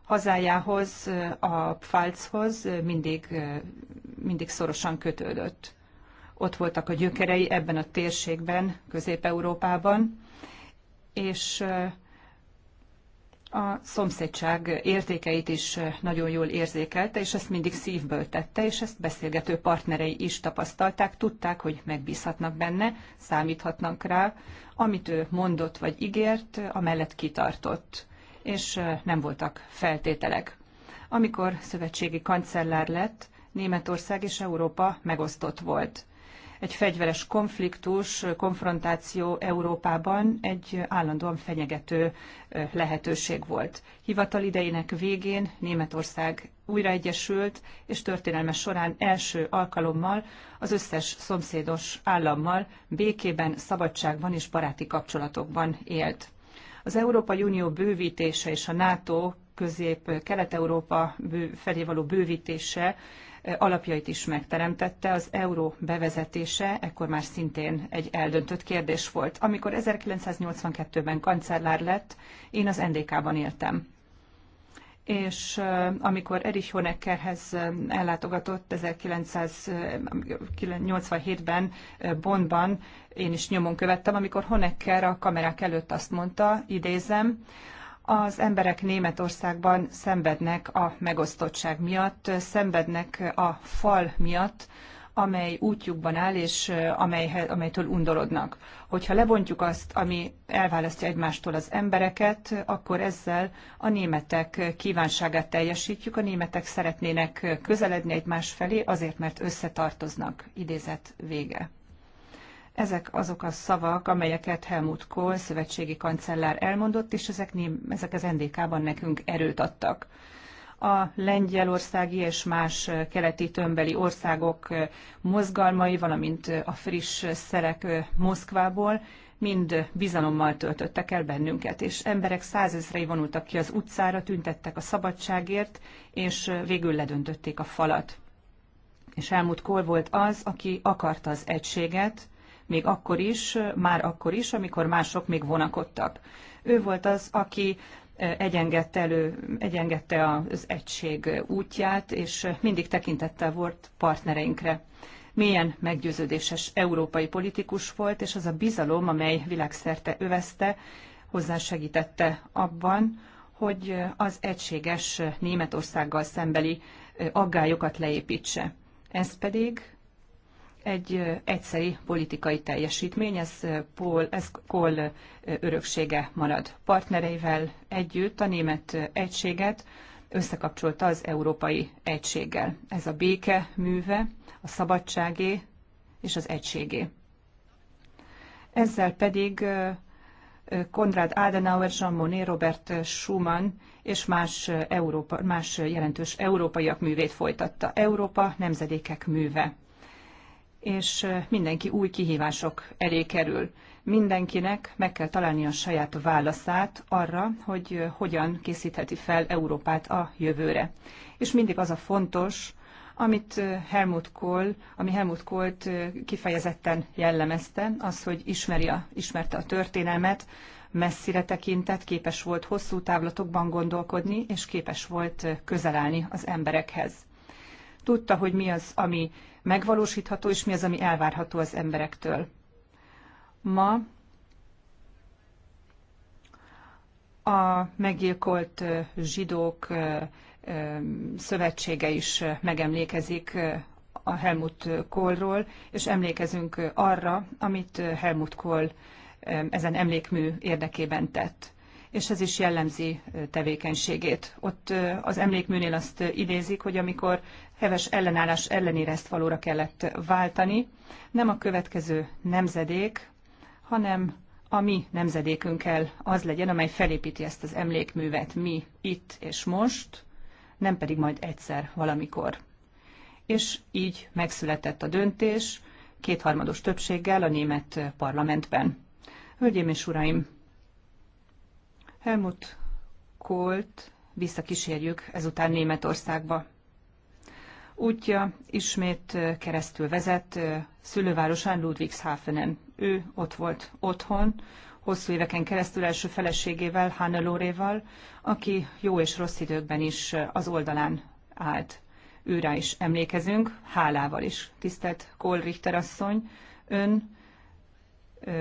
Hazájához, a Pfalzhoz mindig, mindig szorosan kötődött. Ott voltak a gyökerei ebben a térségben, Közép-Európában, és a szomszédság értékeit is nagyon jól érzékelte, és ezt mindig szívből tette, és ezt beszélgető partnerei is tapasztalták, tudták, hogy megbízhatnak benne, számíthatnak rá, amit ő mondott vagy ígért, amellett kitartott, és nem voltak feltételek. Amikor szövetségi kancellár lett, Németország és Európa megosztott volt egy fegyveres konfliktus, konfrontáció Európában egy állandóan fenyegető lehetőség volt. Hivatal idejének végén Németország újra egyesült, és történelme során első alkalommal az összes szomszédos állammal békében, szabadságban és baráti kapcsolatokban élt. Az Európai Unió bővítése és a NATO közép-kelet-európa felé való bővítése alapjait is megteremtette. Az euró bevezetése ekkor már szintén egy eldöntött kérdés volt. Amikor 1982-ben kancellár lett, én az NDK-ban éltem és amikor Erich Honeckerhez ellátogatott 1987-ben Bonnban, én is nyomon követtem, amikor Honecker a kamerák előtt azt mondta, idézem, az emberek Németországban szenvednek a megosztottság miatt, szenvednek a fal miatt, amely útjukban áll, és amely, amelytől undorodnak. Hogyha lebontjuk azt, ami elválasztja egymástól az embereket, akkor ezzel a németek kívánságát teljesítjük. A németek szeretnének közeledni egymás felé, azért, mert összetartoznak. Idézet vége. Ezek azok a szavak, amelyeket Helmut Kohl, szövetségi kancellár elmondott, és ezek, ezek az NDK-ban nekünk erőt adtak. A lengyelországi és más keleti tömbeli országok mozgalmai, valamint a friss szerek Moszkvából mind bizalommal töltöttek el bennünket, és emberek százezrei vonultak ki az utcára, tüntettek a szabadságért, és végül ledöntötték a falat. És Helmut Kohl volt az, aki akarta az egységet, még akkor is, már akkor is, amikor mások még vonakodtak. Ő volt az, aki eh, egyengedte, elő, egyengedte az egység útját, és mindig tekintettel volt partnereinkre. Milyen meggyőződéses európai politikus volt, és az a bizalom, amely világszerte övezte, hozzásegítette abban, hogy az egységes Németországgal szembeli eh, aggályokat leépítse. Ez pedig egy egyszeri politikai teljesítmény, ez, Paul, ez Kohl öröksége marad. Partnereivel együtt a német egységet összekapcsolta az európai egységgel. Ez a béke műve, a szabadságé és az egységé. Ezzel pedig Konrad Adenauer, Jean Monnet, Robert Schumann és más, Európa, más jelentős európaiak művét folytatta. Európa nemzedékek műve és mindenki új kihívások elé kerül. Mindenkinek meg kell találni a saját válaszát arra, hogy hogyan készítheti fel Európát a jövőre. És mindig az a fontos, amit Helmut Kohl, ami Helmut Kohlt kifejezetten jellemezte, az, hogy ismeri a, ismerte a történelmet, messzire tekintett, képes volt hosszú távlatokban gondolkodni, és képes volt közel állni az emberekhez. Tudta, hogy mi az, ami megvalósítható, és mi az, ami elvárható az emberektől. Ma a meggyilkolt zsidók szövetsége is megemlékezik a Helmut Kohlról, és emlékezünk arra, amit Helmut Kohl ezen emlékmű érdekében tett és ez is jellemzi tevékenységét. Ott az emlékműnél azt idézik, hogy amikor heves ellenállás ellenére ezt valóra kellett váltani, nem a következő nemzedék, hanem a mi nemzedékünkkel az legyen, amely felépíti ezt az emlékművet mi itt és most, nem pedig majd egyszer valamikor. És így megszületett a döntés kétharmados többséggel a német parlamentben. Hölgyeim és uraim, Helmut Kolt visszakísérjük ezután Németországba. Útja ismét keresztül vezet szülővárosán Ludwigshafenen. Ő ott volt otthon, hosszú éveken keresztül első feleségével, Hanna Lóréval, aki jó és rossz időkben is az oldalán állt. Őrá is emlékezünk, hálával is. Tisztelt Kohl Richter asszony, ön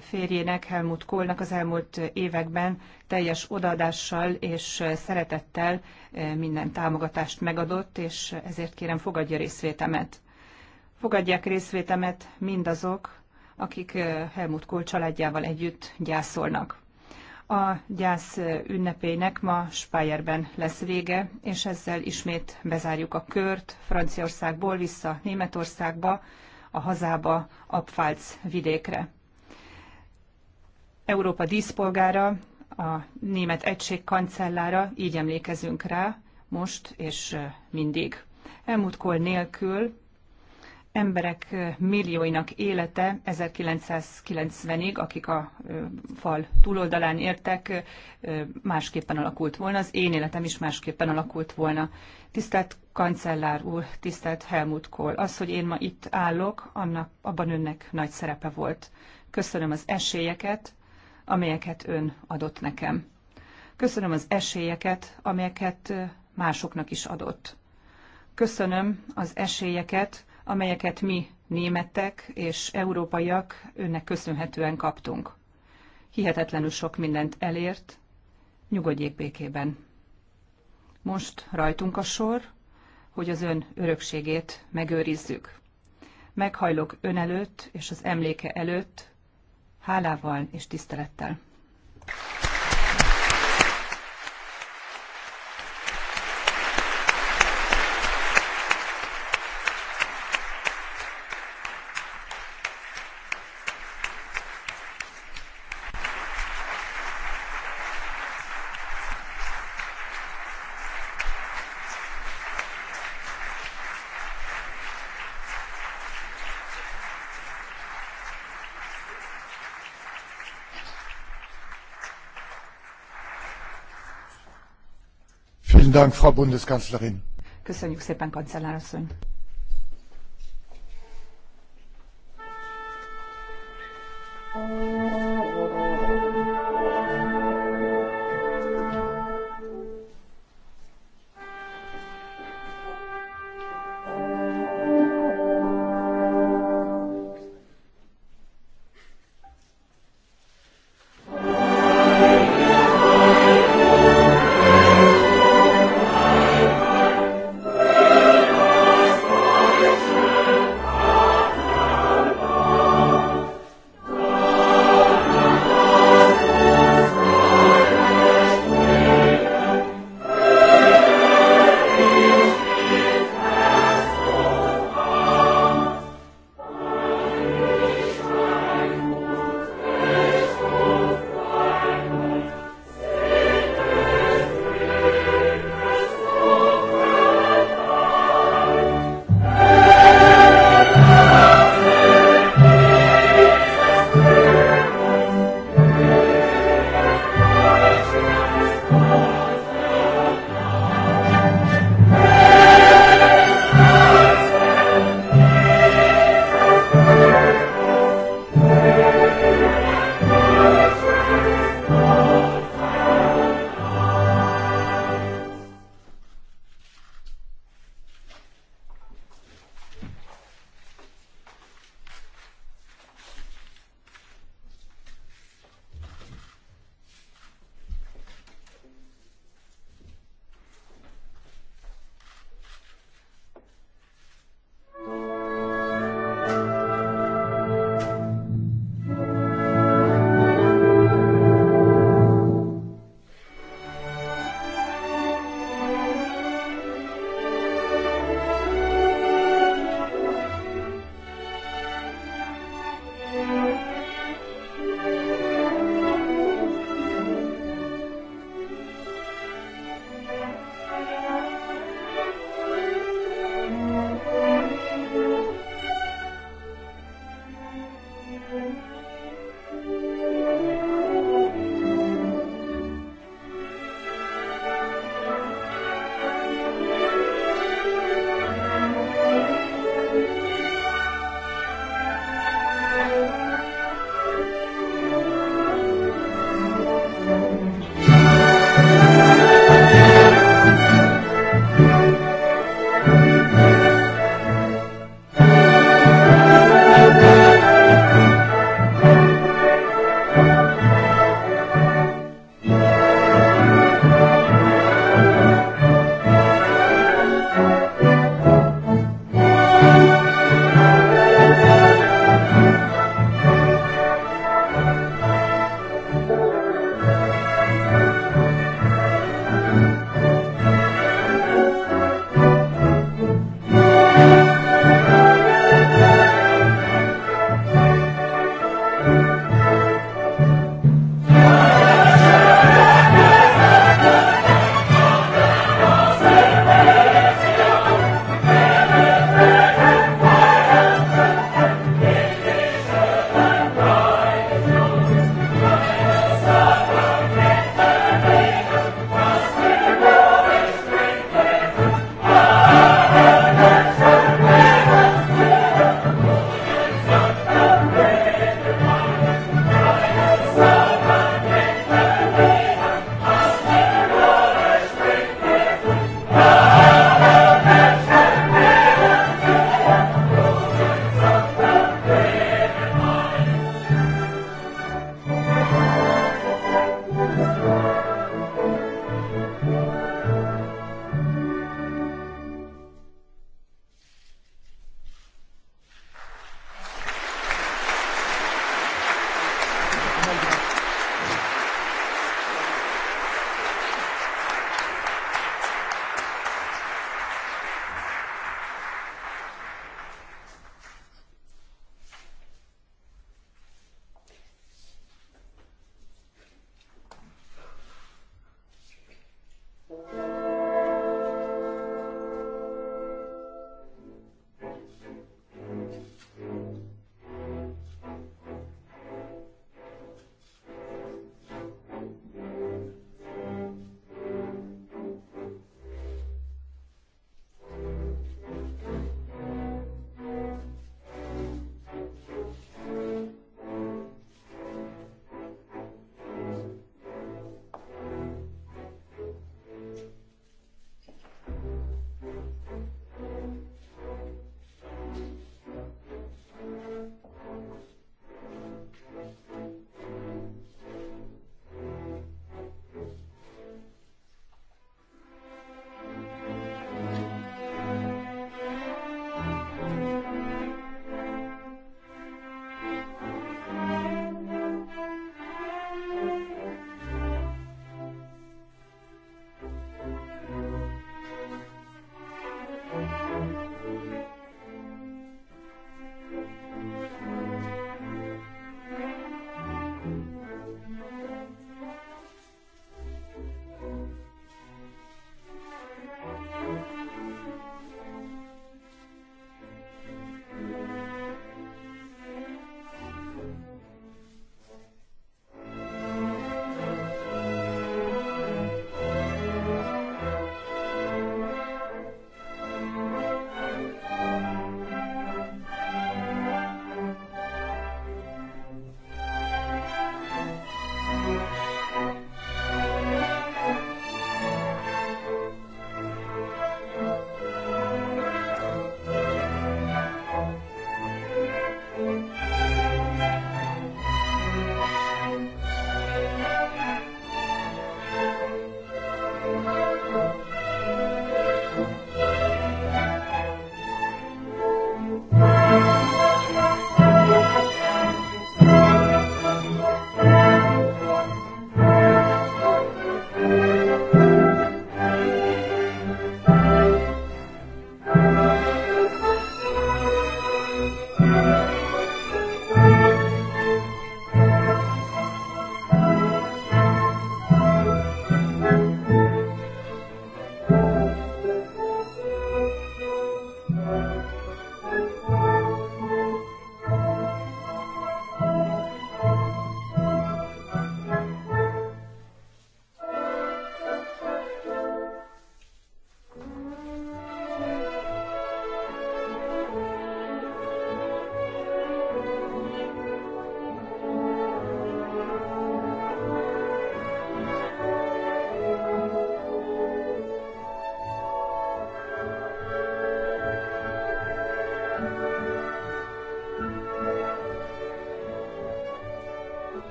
férjének, Helmut Kohlnak az elmúlt években teljes odaadással és szeretettel eh, minden támogatást megadott, és ezért kérem fogadja részvétemet. Fogadják részvétemet mindazok, akik eh, Helmut Kohl családjával együtt gyászolnak. A gyász eh, ünnepének ma Spájerben lesz vége, és ezzel ismét bezárjuk a kört Franciaországból vissza Németországba, a hazába, Pfalz vidékre. Európa díszpolgára, a német egység kancellára, így emlékezünk rá most és mindig. Helmut Kohl nélkül emberek millióinak élete 1990-ig, akik a fal túloldalán értek, másképpen alakult volna, az én életem is másképpen alakult volna. Tisztelt kancellár úr, tisztelt Helmut Kohl, az, hogy én ma itt állok, annak, abban önnek nagy szerepe volt. Köszönöm az esélyeket, amelyeket ön adott nekem. Köszönöm az esélyeket, amelyeket másoknak is adott. Köszönöm az esélyeket, amelyeket mi, németek és európaiak önnek köszönhetően kaptunk. Hihetetlenül sok mindent elért, nyugodjék békében. Most rajtunk a sor, hogy az ön örökségét megőrizzük. Meghajlok ön előtt és az emléke előtt, hálával és tisztelettel. Vielen Dank, Frau Bundeskanzlerin. Köszönjük szépen, kancellárasszony.